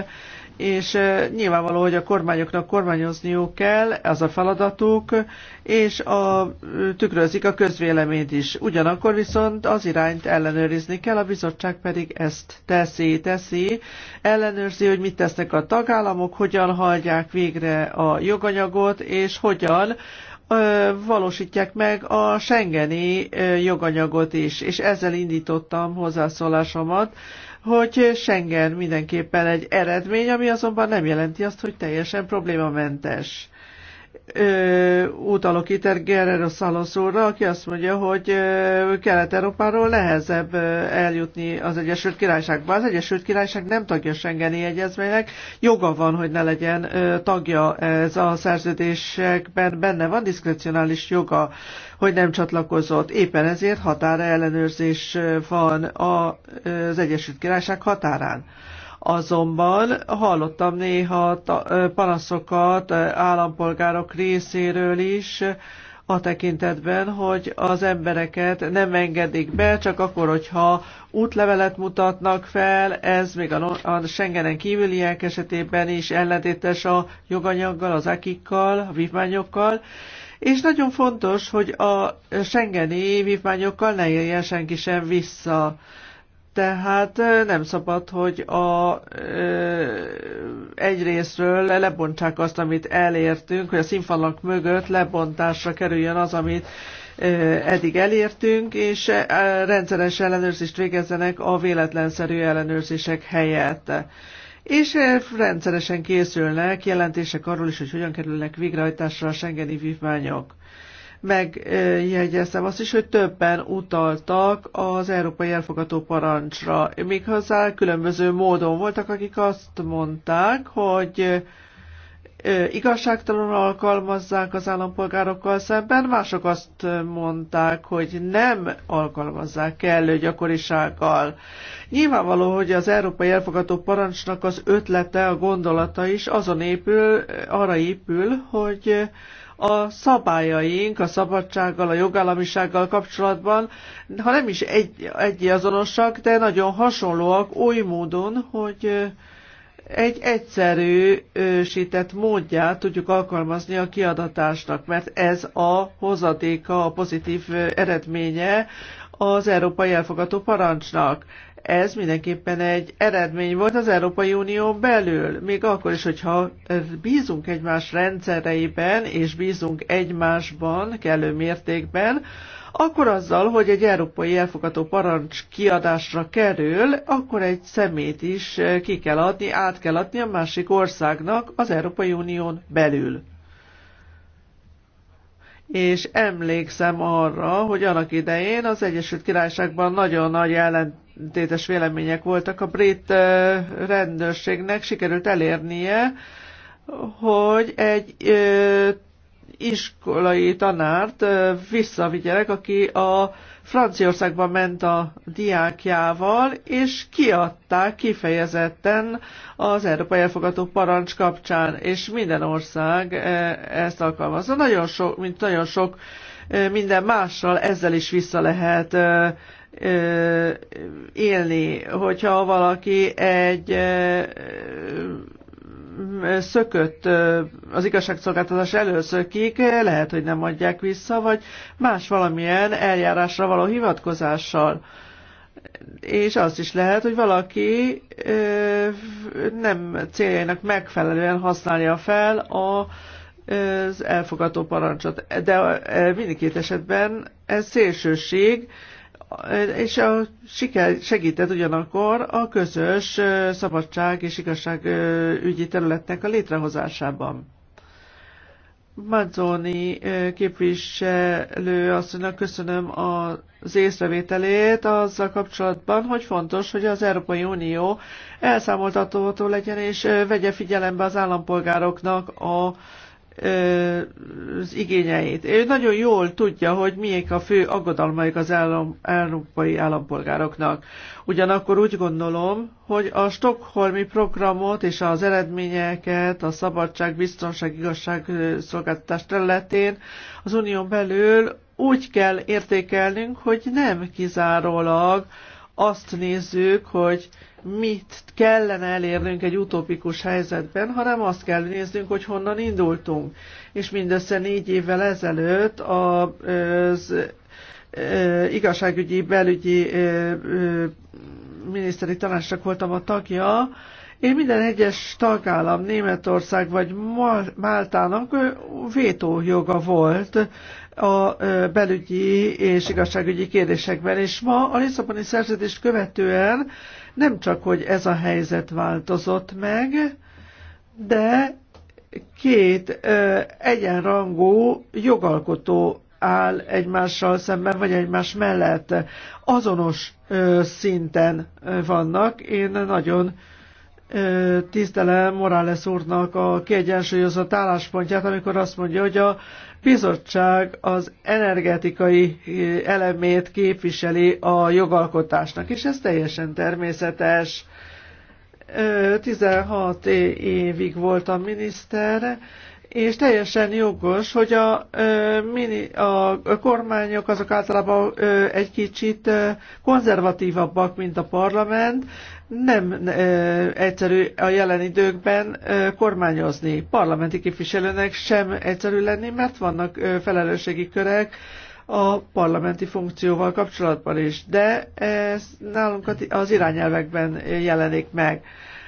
és nyilvánvaló, hogy a kormányoknak kormányozniuk kell, az a feladatuk, és a, tükrözik a közvéleményt is. Ugyanakkor viszont az irányt ellenőrizni kell, a bizottság pedig ezt teszi, teszi, ellenőrzi, hogy mit tesznek a tagállamok, hogyan hagyják végre a joganyagot, és hogyan valósítják meg a Schengeni joganyagot is, és ezzel indítottam hozzászólásomat, hogy Schengen mindenképpen egy eredmény, ami azonban nem jelenti azt, hogy teljesen problémamentes ö, utalok itt Gerrero Szalos úrra, aki azt mondja, hogy Kelet-Európáról nehezebb eljutni az Egyesült Királyságba. Az Egyesült Királyság nem tagja Schengeni Egyezménynek, joga van, hogy ne legyen ö, tagja ez a szerződésekben, benne van diszkrecionális joga, hogy nem csatlakozott. Éppen ezért határa ellenőrzés van a, az Egyesült Királyság határán. Azonban hallottam néha panaszokat állampolgárok részéről is, a tekintetben, hogy az embereket nem engedik be, csak akkor, hogyha útlevelet mutatnak fel, ez még a, a Schengenen kívüliek esetében is ellentétes a joganyaggal, az akikkal, a vívmányokkal, és nagyon fontos, hogy a Schengeni vívmányokkal ne éljen senki sem vissza. Tehát nem szabad, hogy a, ö, egyrésztről lebontsák azt, amit elértünk, hogy a színfalak mögött lebontásra kerüljön az, amit ö, eddig elértünk, és rendszeres ellenőrzést végezzenek a véletlenszerű ellenőrzések helyett. És rendszeresen készülnek jelentések arról is, hogy hogyan kerülnek végrehajtásra a Schengeni vívmányok megjegyeztem azt is, hogy többen utaltak az európai elfogató parancsra. Méghozzá különböző módon voltak, akik azt mondták, hogy igazságtalanul alkalmazzák az állampolgárokkal szemben, mások azt mondták, hogy nem alkalmazzák kellő gyakorisággal. Nyilvánvaló, hogy az európai elfogadó parancsnak az ötlete, a gondolata is azon épül, arra épül, hogy a szabályaink a szabadsággal, a jogállamisággal kapcsolatban, ha nem is egy, egy azonosak, de nagyon hasonlóak oly módon, hogy egy egyszerűsített módját tudjuk alkalmazni a kiadatásnak, mert ez a hozadéka, a pozitív eredménye az európai elfogadó parancsnak ez mindenképpen egy eredmény volt az Európai Unió belül, még akkor is, hogyha bízunk egymás rendszereiben, és bízunk egymásban kellő mértékben, akkor azzal, hogy egy európai elfogadó parancs kiadásra kerül, akkor egy szemét is ki kell adni, át kell adni a másik országnak az Európai Unión belül és emlékszem arra, hogy annak idején az Egyesült Királyságban nagyon nagy ellen, ellentétes vélemények voltak. A brit rendőrségnek sikerült elérnie, hogy egy iskolai tanárt visszavigyelek, aki a Franciaországban ment a diákjával, és kiadták kifejezetten az Európai Elfogató Parancs kapcsán, és minden ország ezt alkalmazza. Nagyon sok, mint nagyon sok minden mással ezzel is vissza lehet élni, hogyha valaki egy szökött az igazságszolgáltatás előszökik, lehet, hogy nem adják vissza, vagy más valamilyen eljárásra való hivatkozással. És azt is lehet, hogy valaki nem céljainak megfelelően használja fel a az elfogadó parancsot. De mindkét esetben ez szélsőség, és a siker segített ugyanakkor a közös szabadság és ügyi területnek a létrehozásában. Mazzoni képviselő asszonynak köszönöm az észrevételét azzal kapcsolatban, hogy fontos, hogy az Európai Unió elszámoltatótól legyen és vegye figyelembe az állampolgároknak a az igényeit. Ő nagyon jól tudja, hogy miék a fő aggodalmaik az európai állampolgároknak. Ugyanakkor úgy gondolom, hogy a stokholmi programot és az eredményeket a szabadság, biztonság, igazság szolgáltatás területén az unión belül úgy kell értékelnünk, hogy nem kizárólag azt nézzük, hogy mit kellene elérnünk egy utópikus helyzetben, hanem azt kell néznünk, hogy honnan indultunk. És mindössze négy évvel ezelőtt az igazságügyi, belügyi miniszteri tanácsnak voltam a tagja, én minden egyes tagállam, Németország vagy Máltának vétójoga volt a belügyi és igazságügyi kérdésekben, és ma a Lisszaboni szerződést követően nem csak, hogy ez a helyzet változott meg, de két ö, egyenrangú jogalkotó áll egymással szemben, vagy egymás mellett. Azonos ö, szinten vannak. Én nagyon tisztelem Morales úrnak a kiegyensúlyozott álláspontját, amikor azt mondja, hogy a bizottság az energetikai elemét képviseli a jogalkotásnak, és ez teljesen természetes. 16 évig a miniszter, és teljesen jogos, hogy a, a kormányok azok általában egy kicsit konzervatívabbak, mint a parlament, nem e, egyszerű a jelen időkben e, kormányozni. Parlamenti képviselőnek sem egyszerű lenni, mert vannak e, felelősségi körek a parlamenti funkcióval kapcsolatban is, de ez nálunk az irányelvekben jelenik meg.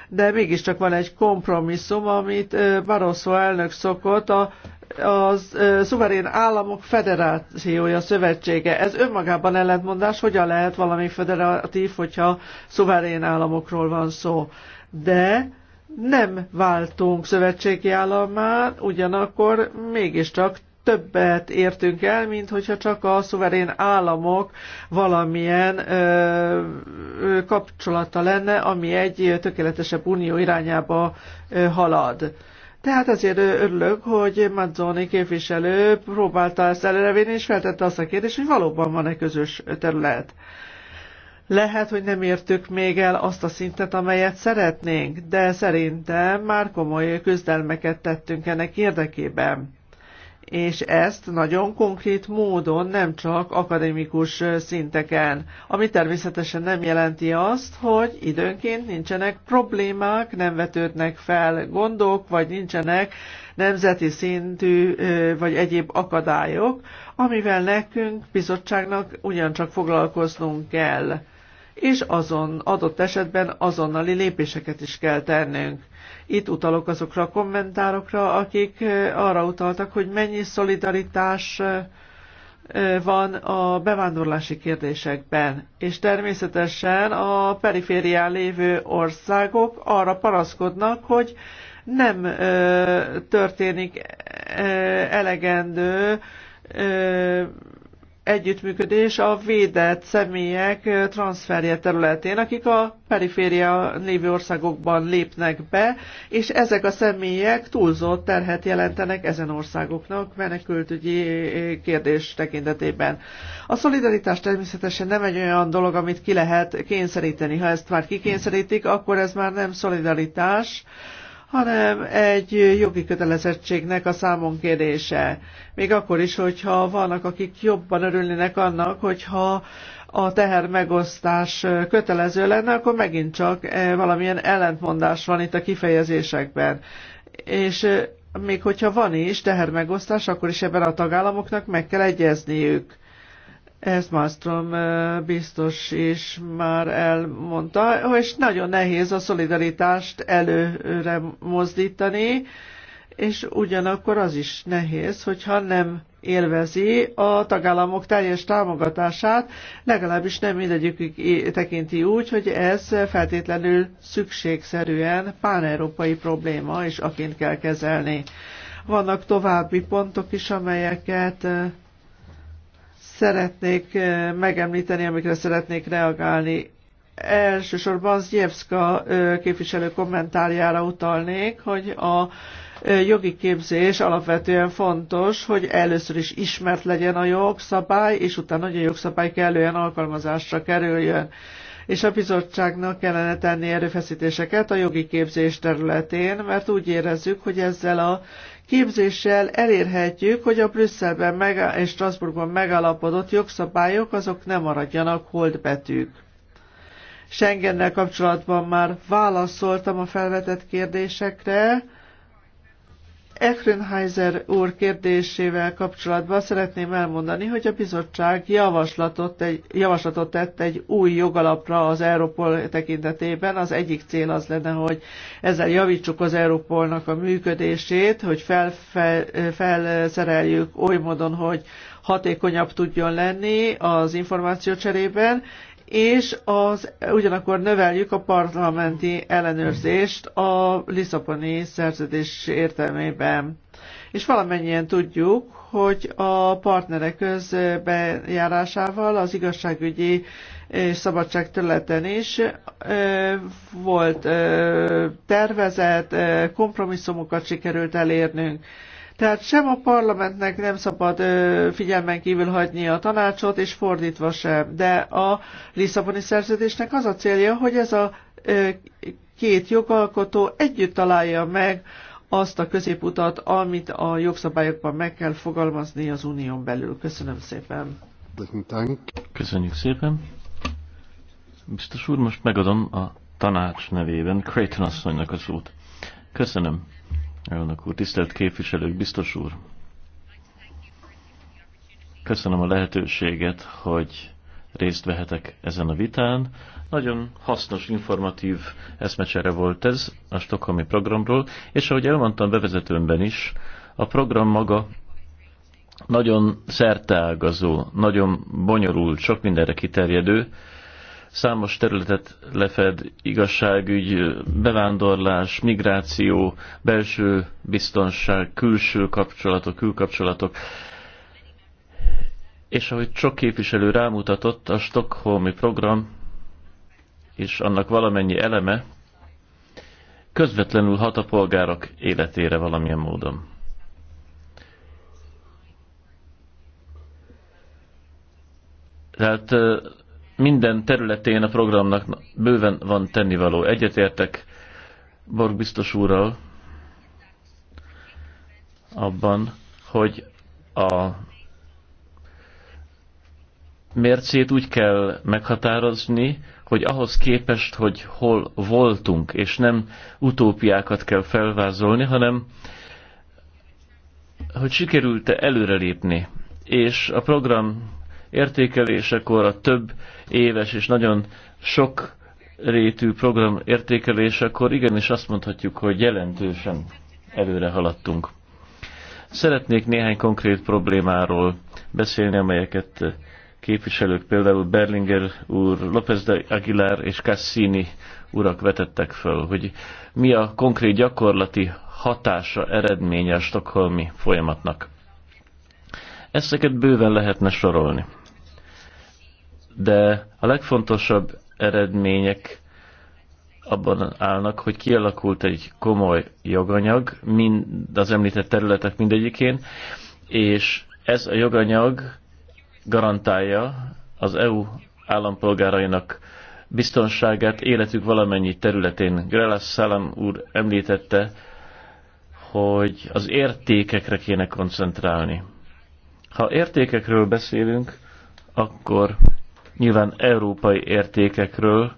De mégiscsak van egy kompromisszum, amit Barroso elnök szokott a az szuverén államok federációja, szövetsége. Ez önmagában ellentmondás, hogyan lehet valami federatív, hogyha szuverén államokról van szó. De nem váltunk szövetségi állammá, ugyanakkor mégiscsak többet értünk el, mint hogyha csak a szuverén államok valamilyen ö, kapcsolata lenne, ami egy tökéletesebb unió irányába ö, halad tehát ezért örülök, hogy Mazzoni képviselő próbálta ezt előrevinni, és feltette azt a kérdést, hogy valóban van-e közös terület. Lehet, hogy nem értük még el azt a szintet, amelyet szeretnénk, de szerintem már komoly küzdelmeket tettünk ennek érdekében és ezt nagyon konkrét módon, nem csak akadémikus szinteken, ami természetesen nem jelenti azt, hogy időnként nincsenek problémák, nem vetődnek fel gondok, vagy nincsenek nemzeti szintű vagy egyéb akadályok, amivel nekünk, bizottságnak ugyancsak foglalkoznunk kell, és azon adott esetben azonnali lépéseket is kell tennünk. Itt utalok azokra a kommentárokra, akik arra utaltak, hogy mennyi szolidaritás van a bevándorlási kérdésekben, és természetesen a periférián lévő országok arra paraszkodnak, hogy nem történik elegendő együttműködés a védett személyek transferje területén, akik a periféria lévő országokban lépnek be, és ezek a személyek túlzott terhet jelentenek ezen országoknak menekültügyi kérdés tekintetében. A szolidaritás természetesen nem egy olyan dolog, amit ki lehet kényszeríteni. Ha ezt már kikényszerítik, akkor ez már nem szolidaritás, hanem egy jogi kötelezettségnek a számon kérése. Még akkor is, hogyha vannak, akik jobban örülnének annak, hogyha a teher megosztás kötelező lenne, akkor megint csak eh, valamilyen ellentmondás van itt a kifejezésekben. És eh, még hogyha van is teher megosztás, akkor is ebben a tagállamoknak meg kell egyezniük. Ezt Malmström biztos is már elmondta, és nagyon nehéz a szolidaritást előre mozdítani, és ugyanakkor az is nehéz, hogyha nem élvezi a tagállamok teljes támogatását, legalábbis nem mindegyikük tekinti úgy, hogy ez feltétlenül szükségszerűen páneurópai probléma, és aként kell kezelni. Vannak további pontok is, amelyeket szeretnék eh, megemlíteni, amikre szeretnék reagálni. Elsősorban Zjevska eh, képviselő kommentárjára utalnék, hogy a eh, jogi képzés alapvetően fontos, hogy először is ismert legyen a jogszabály, és utána, hogy a jogszabály kellően alkalmazásra kerüljön és a bizottságnak kellene tenni erőfeszítéseket a jogi képzés területén, mert úgy érezzük, hogy ezzel a Képzéssel elérhetjük, hogy a Brüsszelben és Strasbourgban megalapodott jogszabályok azok nem maradjanak holdbetűk. Schengennel kapcsolatban már válaszoltam a felvetett kérdésekre, Ekrenheiser úr kérdésével kapcsolatban szeretném elmondani, hogy a bizottság javaslatot, egy, javaslatot tett egy új jogalapra az Európol tekintetében. Az egyik cél az lenne, hogy ezzel javítsuk az Európolnak a működését, hogy fel, fel, felszereljük oly módon, hogy hatékonyabb tudjon lenni az információ cserében, és az, ugyanakkor növeljük a parlamenti ellenőrzést a Lisszaboni szerződés értelmében. És valamennyien tudjuk, hogy a partnerek közbejárásával az igazságügyi és szabadság területen is volt tervezett, kompromisszumokat sikerült elérnünk tehát sem a parlamentnek nem szabad figyelmen kívül hagyni a tanácsot, és fordítva sem. De a Lisszaboni szerződésnek az a célja, hogy ez a két jogalkotó együtt találja meg azt a középutat, amit a jogszabályokban meg kell fogalmazni az unión belül. Köszönöm szépen. Köszönjük szépen. Biztos úr, most megadom a tanács nevében Creighton asszonynak a szót. Köszönöm. Elnök úr, tisztelt képviselők, biztos úr! Köszönöm a lehetőséget, hogy részt vehetek ezen a vitán. Nagyon hasznos, informatív eszmecsere volt ez a stokholmi programról, és ahogy elmondtam bevezetőmben is, a program maga nagyon szerteágazó, nagyon bonyolult, sok mindenre kiterjedő, számos területet lefed, igazságügy, bevándorlás, migráció, belső biztonság, külső kapcsolatok, külkapcsolatok. És ahogy sok képviselő rámutatott, a Stockholmi program és annak valamennyi eleme közvetlenül hat a polgárok életére valamilyen módon. Tehát minden területén a programnak bőven van tennivaló. Egyetértek Borg biztos úrral abban, hogy a mércét úgy kell meghatározni, hogy ahhoz képest, hogy hol voltunk, és nem utópiákat kell felvázolni, hanem hogy sikerült-e előrelépni. És a program értékelésekor, a több éves és nagyon sok rétű program értékelésekor igenis azt mondhatjuk, hogy jelentősen előre haladtunk. Szeretnék néhány konkrét problémáról beszélni, amelyeket képviselők, például Berlinger úr, López de Aguilar és Cassini urak vetettek föl, hogy mi a konkrét gyakorlati hatása, eredménye a stokholmi folyamatnak. Ezeket bőven lehetne sorolni de a legfontosabb eredmények abban állnak, hogy kialakult egy komoly joganyag, mind az említett területek mindegyikén, és ez a joganyag garantálja az EU állampolgárainak biztonságát életük valamennyi területén. Grelas Szállam úr említette, hogy az értékekre kéne koncentrálni. Ha értékekről beszélünk, akkor Nyilván európai értékekről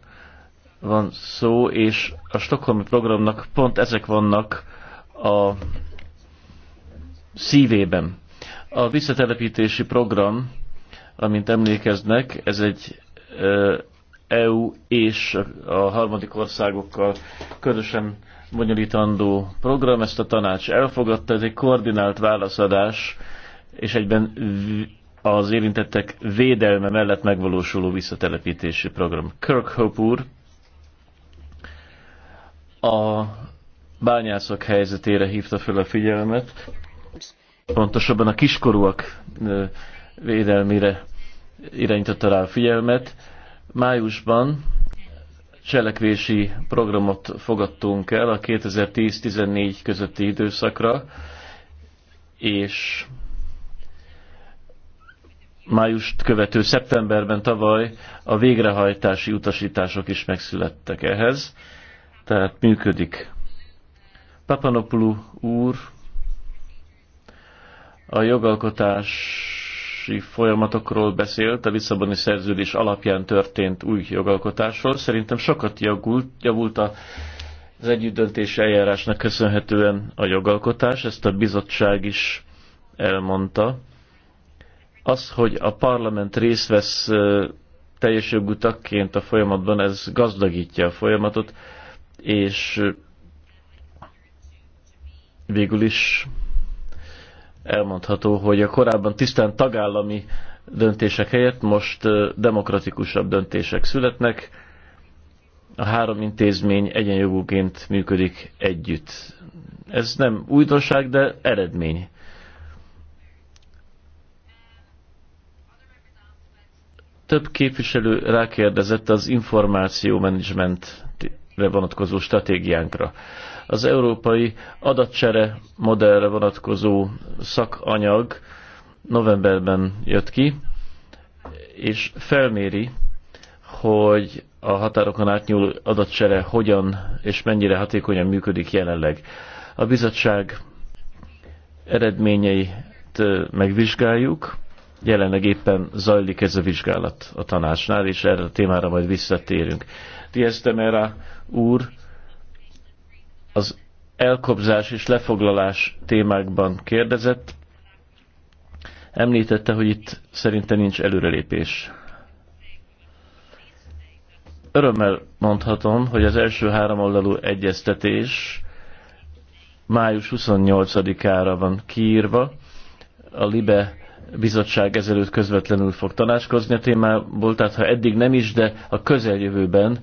van szó, és a Stockholm programnak pont ezek vannak a szívében. A visszatelepítési program, amint emlékeznek, ez egy EU és a harmadik országokkal közösen bonyolítandó program, ezt a tanács elfogadta, ez egy koordinált válaszadás, és egyben az érintettek védelme mellett megvalósuló visszatelepítési program. Kirkhope úr a bányászok helyzetére hívta fel a figyelmet, pontosabban a kiskorúak védelmére irányította rá a figyelmet. Májusban cselekvési programot fogadtunk el a 2010-14 közötti időszakra, és májust követő szeptemberben tavaly a végrehajtási utasítások is megszülettek ehhez, tehát működik. Papanopulu úr a jogalkotási folyamatokról beszélt, a Lisszaboni szerződés alapján történt új jogalkotásról. Szerintem sokat javult, javult a az együttdöntési eljárásnak köszönhetően a jogalkotás, ezt a bizottság is elmondta. Az, hogy a parlament részt vesz teljes jogú tagként a folyamatban, ez gazdagítja a folyamatot, és végül is elmondható, hogy a korábban tisztán tagállami döntések helyett most demokratikusabb döntések születnek. A három intézmény egyenjogúként működik együtt. Ez nem újdonság, de eredmény. Több képviselő rákérdezett az információ menedzsmentre vonatkozó stratégiánkra. Az európai adatcsere modellre vonatkozó szakanyag novemberben jött ki, és felméri, hogy a határokon átnyúló adatcsere hogyan és mennyire hatékonyan működik jelenleg. A bizottság eredményeit megvizsgáljuk, Jelenleg éppen zajlik ez a vizsgálat a tanácsnál, és erre a témára majd visszatérünk. Diaz de Mera úr az elkobzás és lefoglalás témákban kérdezett. Említette, hogy itt szerinte nincs előrelépés. Örömmel mondhatom, hogy az első háromoldalú egyeztetés május 28-ára van kiírva. A Libe bizottság ezelőtt közvetlenül fog tanácskozni a témából, tehát ha eddig nem is, de a közeljövőben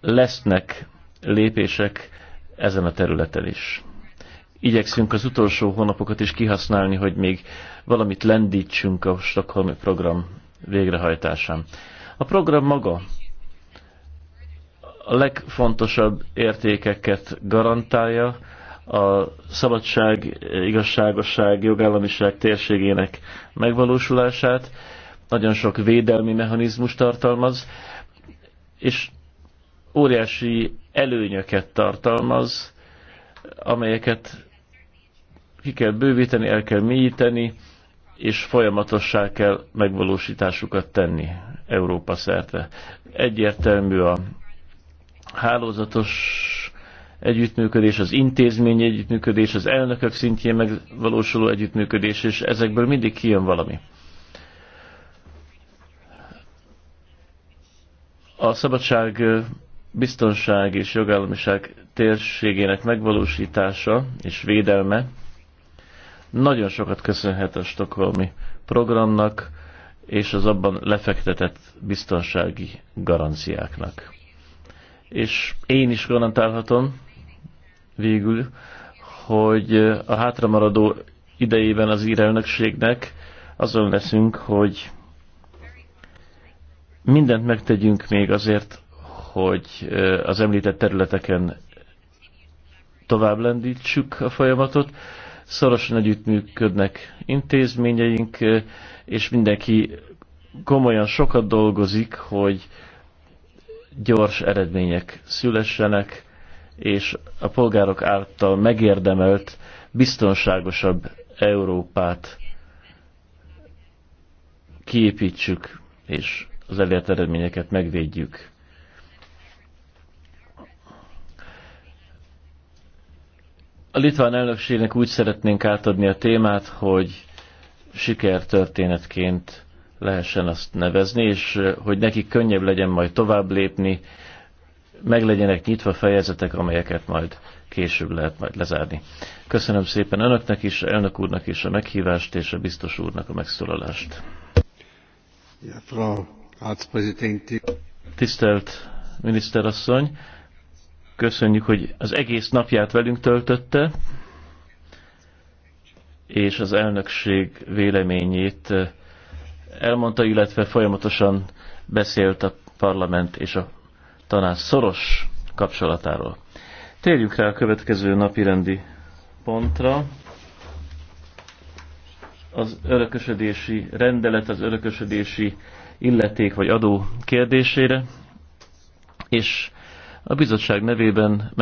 lesznek lépések ezen a területen is. Igyekszünk az utolsó hónapokat is kihasználni, hogy még valamit lendítsünk a Stockholmi program végrehajtásán. A program maga a legfontosabb értékeket garantálja, a szabadság, igazságosság, jogállamiság térségének megvalósulását, nagyon sok védelmi mechanizmus tartalmaz, és óriási előnyöket tartalmaz, amelyeket ki kell bővíteni, el kell mélyíteni, és folyamatossá kell megvalósításukat tenni Európa szerte. Egyértelmű a hálózatos együttműködés, az intézmény együttműködés, az elnökök szintjén megvalósuló együttműködés, és ezekből mindig kijön valami. A szabadság, biztonság és jogállamiság térségének megvalósítása és védelme nagyon sokat köszönhet a stokholmi programnak és az abban lefektetett biztonsági garanciáknak. És én is garantálhatom, végül, hogy a hátramaradó idejében az írelnökségnek azon leszünk, hogy mindent megtegyünk még azért, hogy az említett területeken tovább lendítsük a folyamatot. Szorosan együttműködnek intézményeink, és mindenki komolyan sokat dolgozik, hogy gyors eredmények szülessenek, és a polgárok által megérdemelt, biztonságosabb Európát kiépítsük, és az elért eredményeket megvédjük. A litván elnökségnek úgy szeretnénk átadni a témát, hogy sikertörténetként lehessen azt nevezni, és eh, hogy nekik könnyebb legyen majd tovább lépni, meglegyenek nyitva fejezetek, amelyeket majd később lehet majd lezárni. Köszönöm szépen önöknek is, elnök úrnak is a meghívást és a biztos úrnak a megszólalást. Ja, Frau Tisztelt miniszterasszony, köszönjük, hogy az egész napját velünk töltötte, és az elnökség véleményét elmondta, illetve folyamatosan beszélt a parlament és a talán szoros kapcsolatáról. Térjük rá a következő napi rendi pontra. Az örökösödési rendelet, az örökösödési illeték vagy adó kérdésére, és a bizottság nevében meg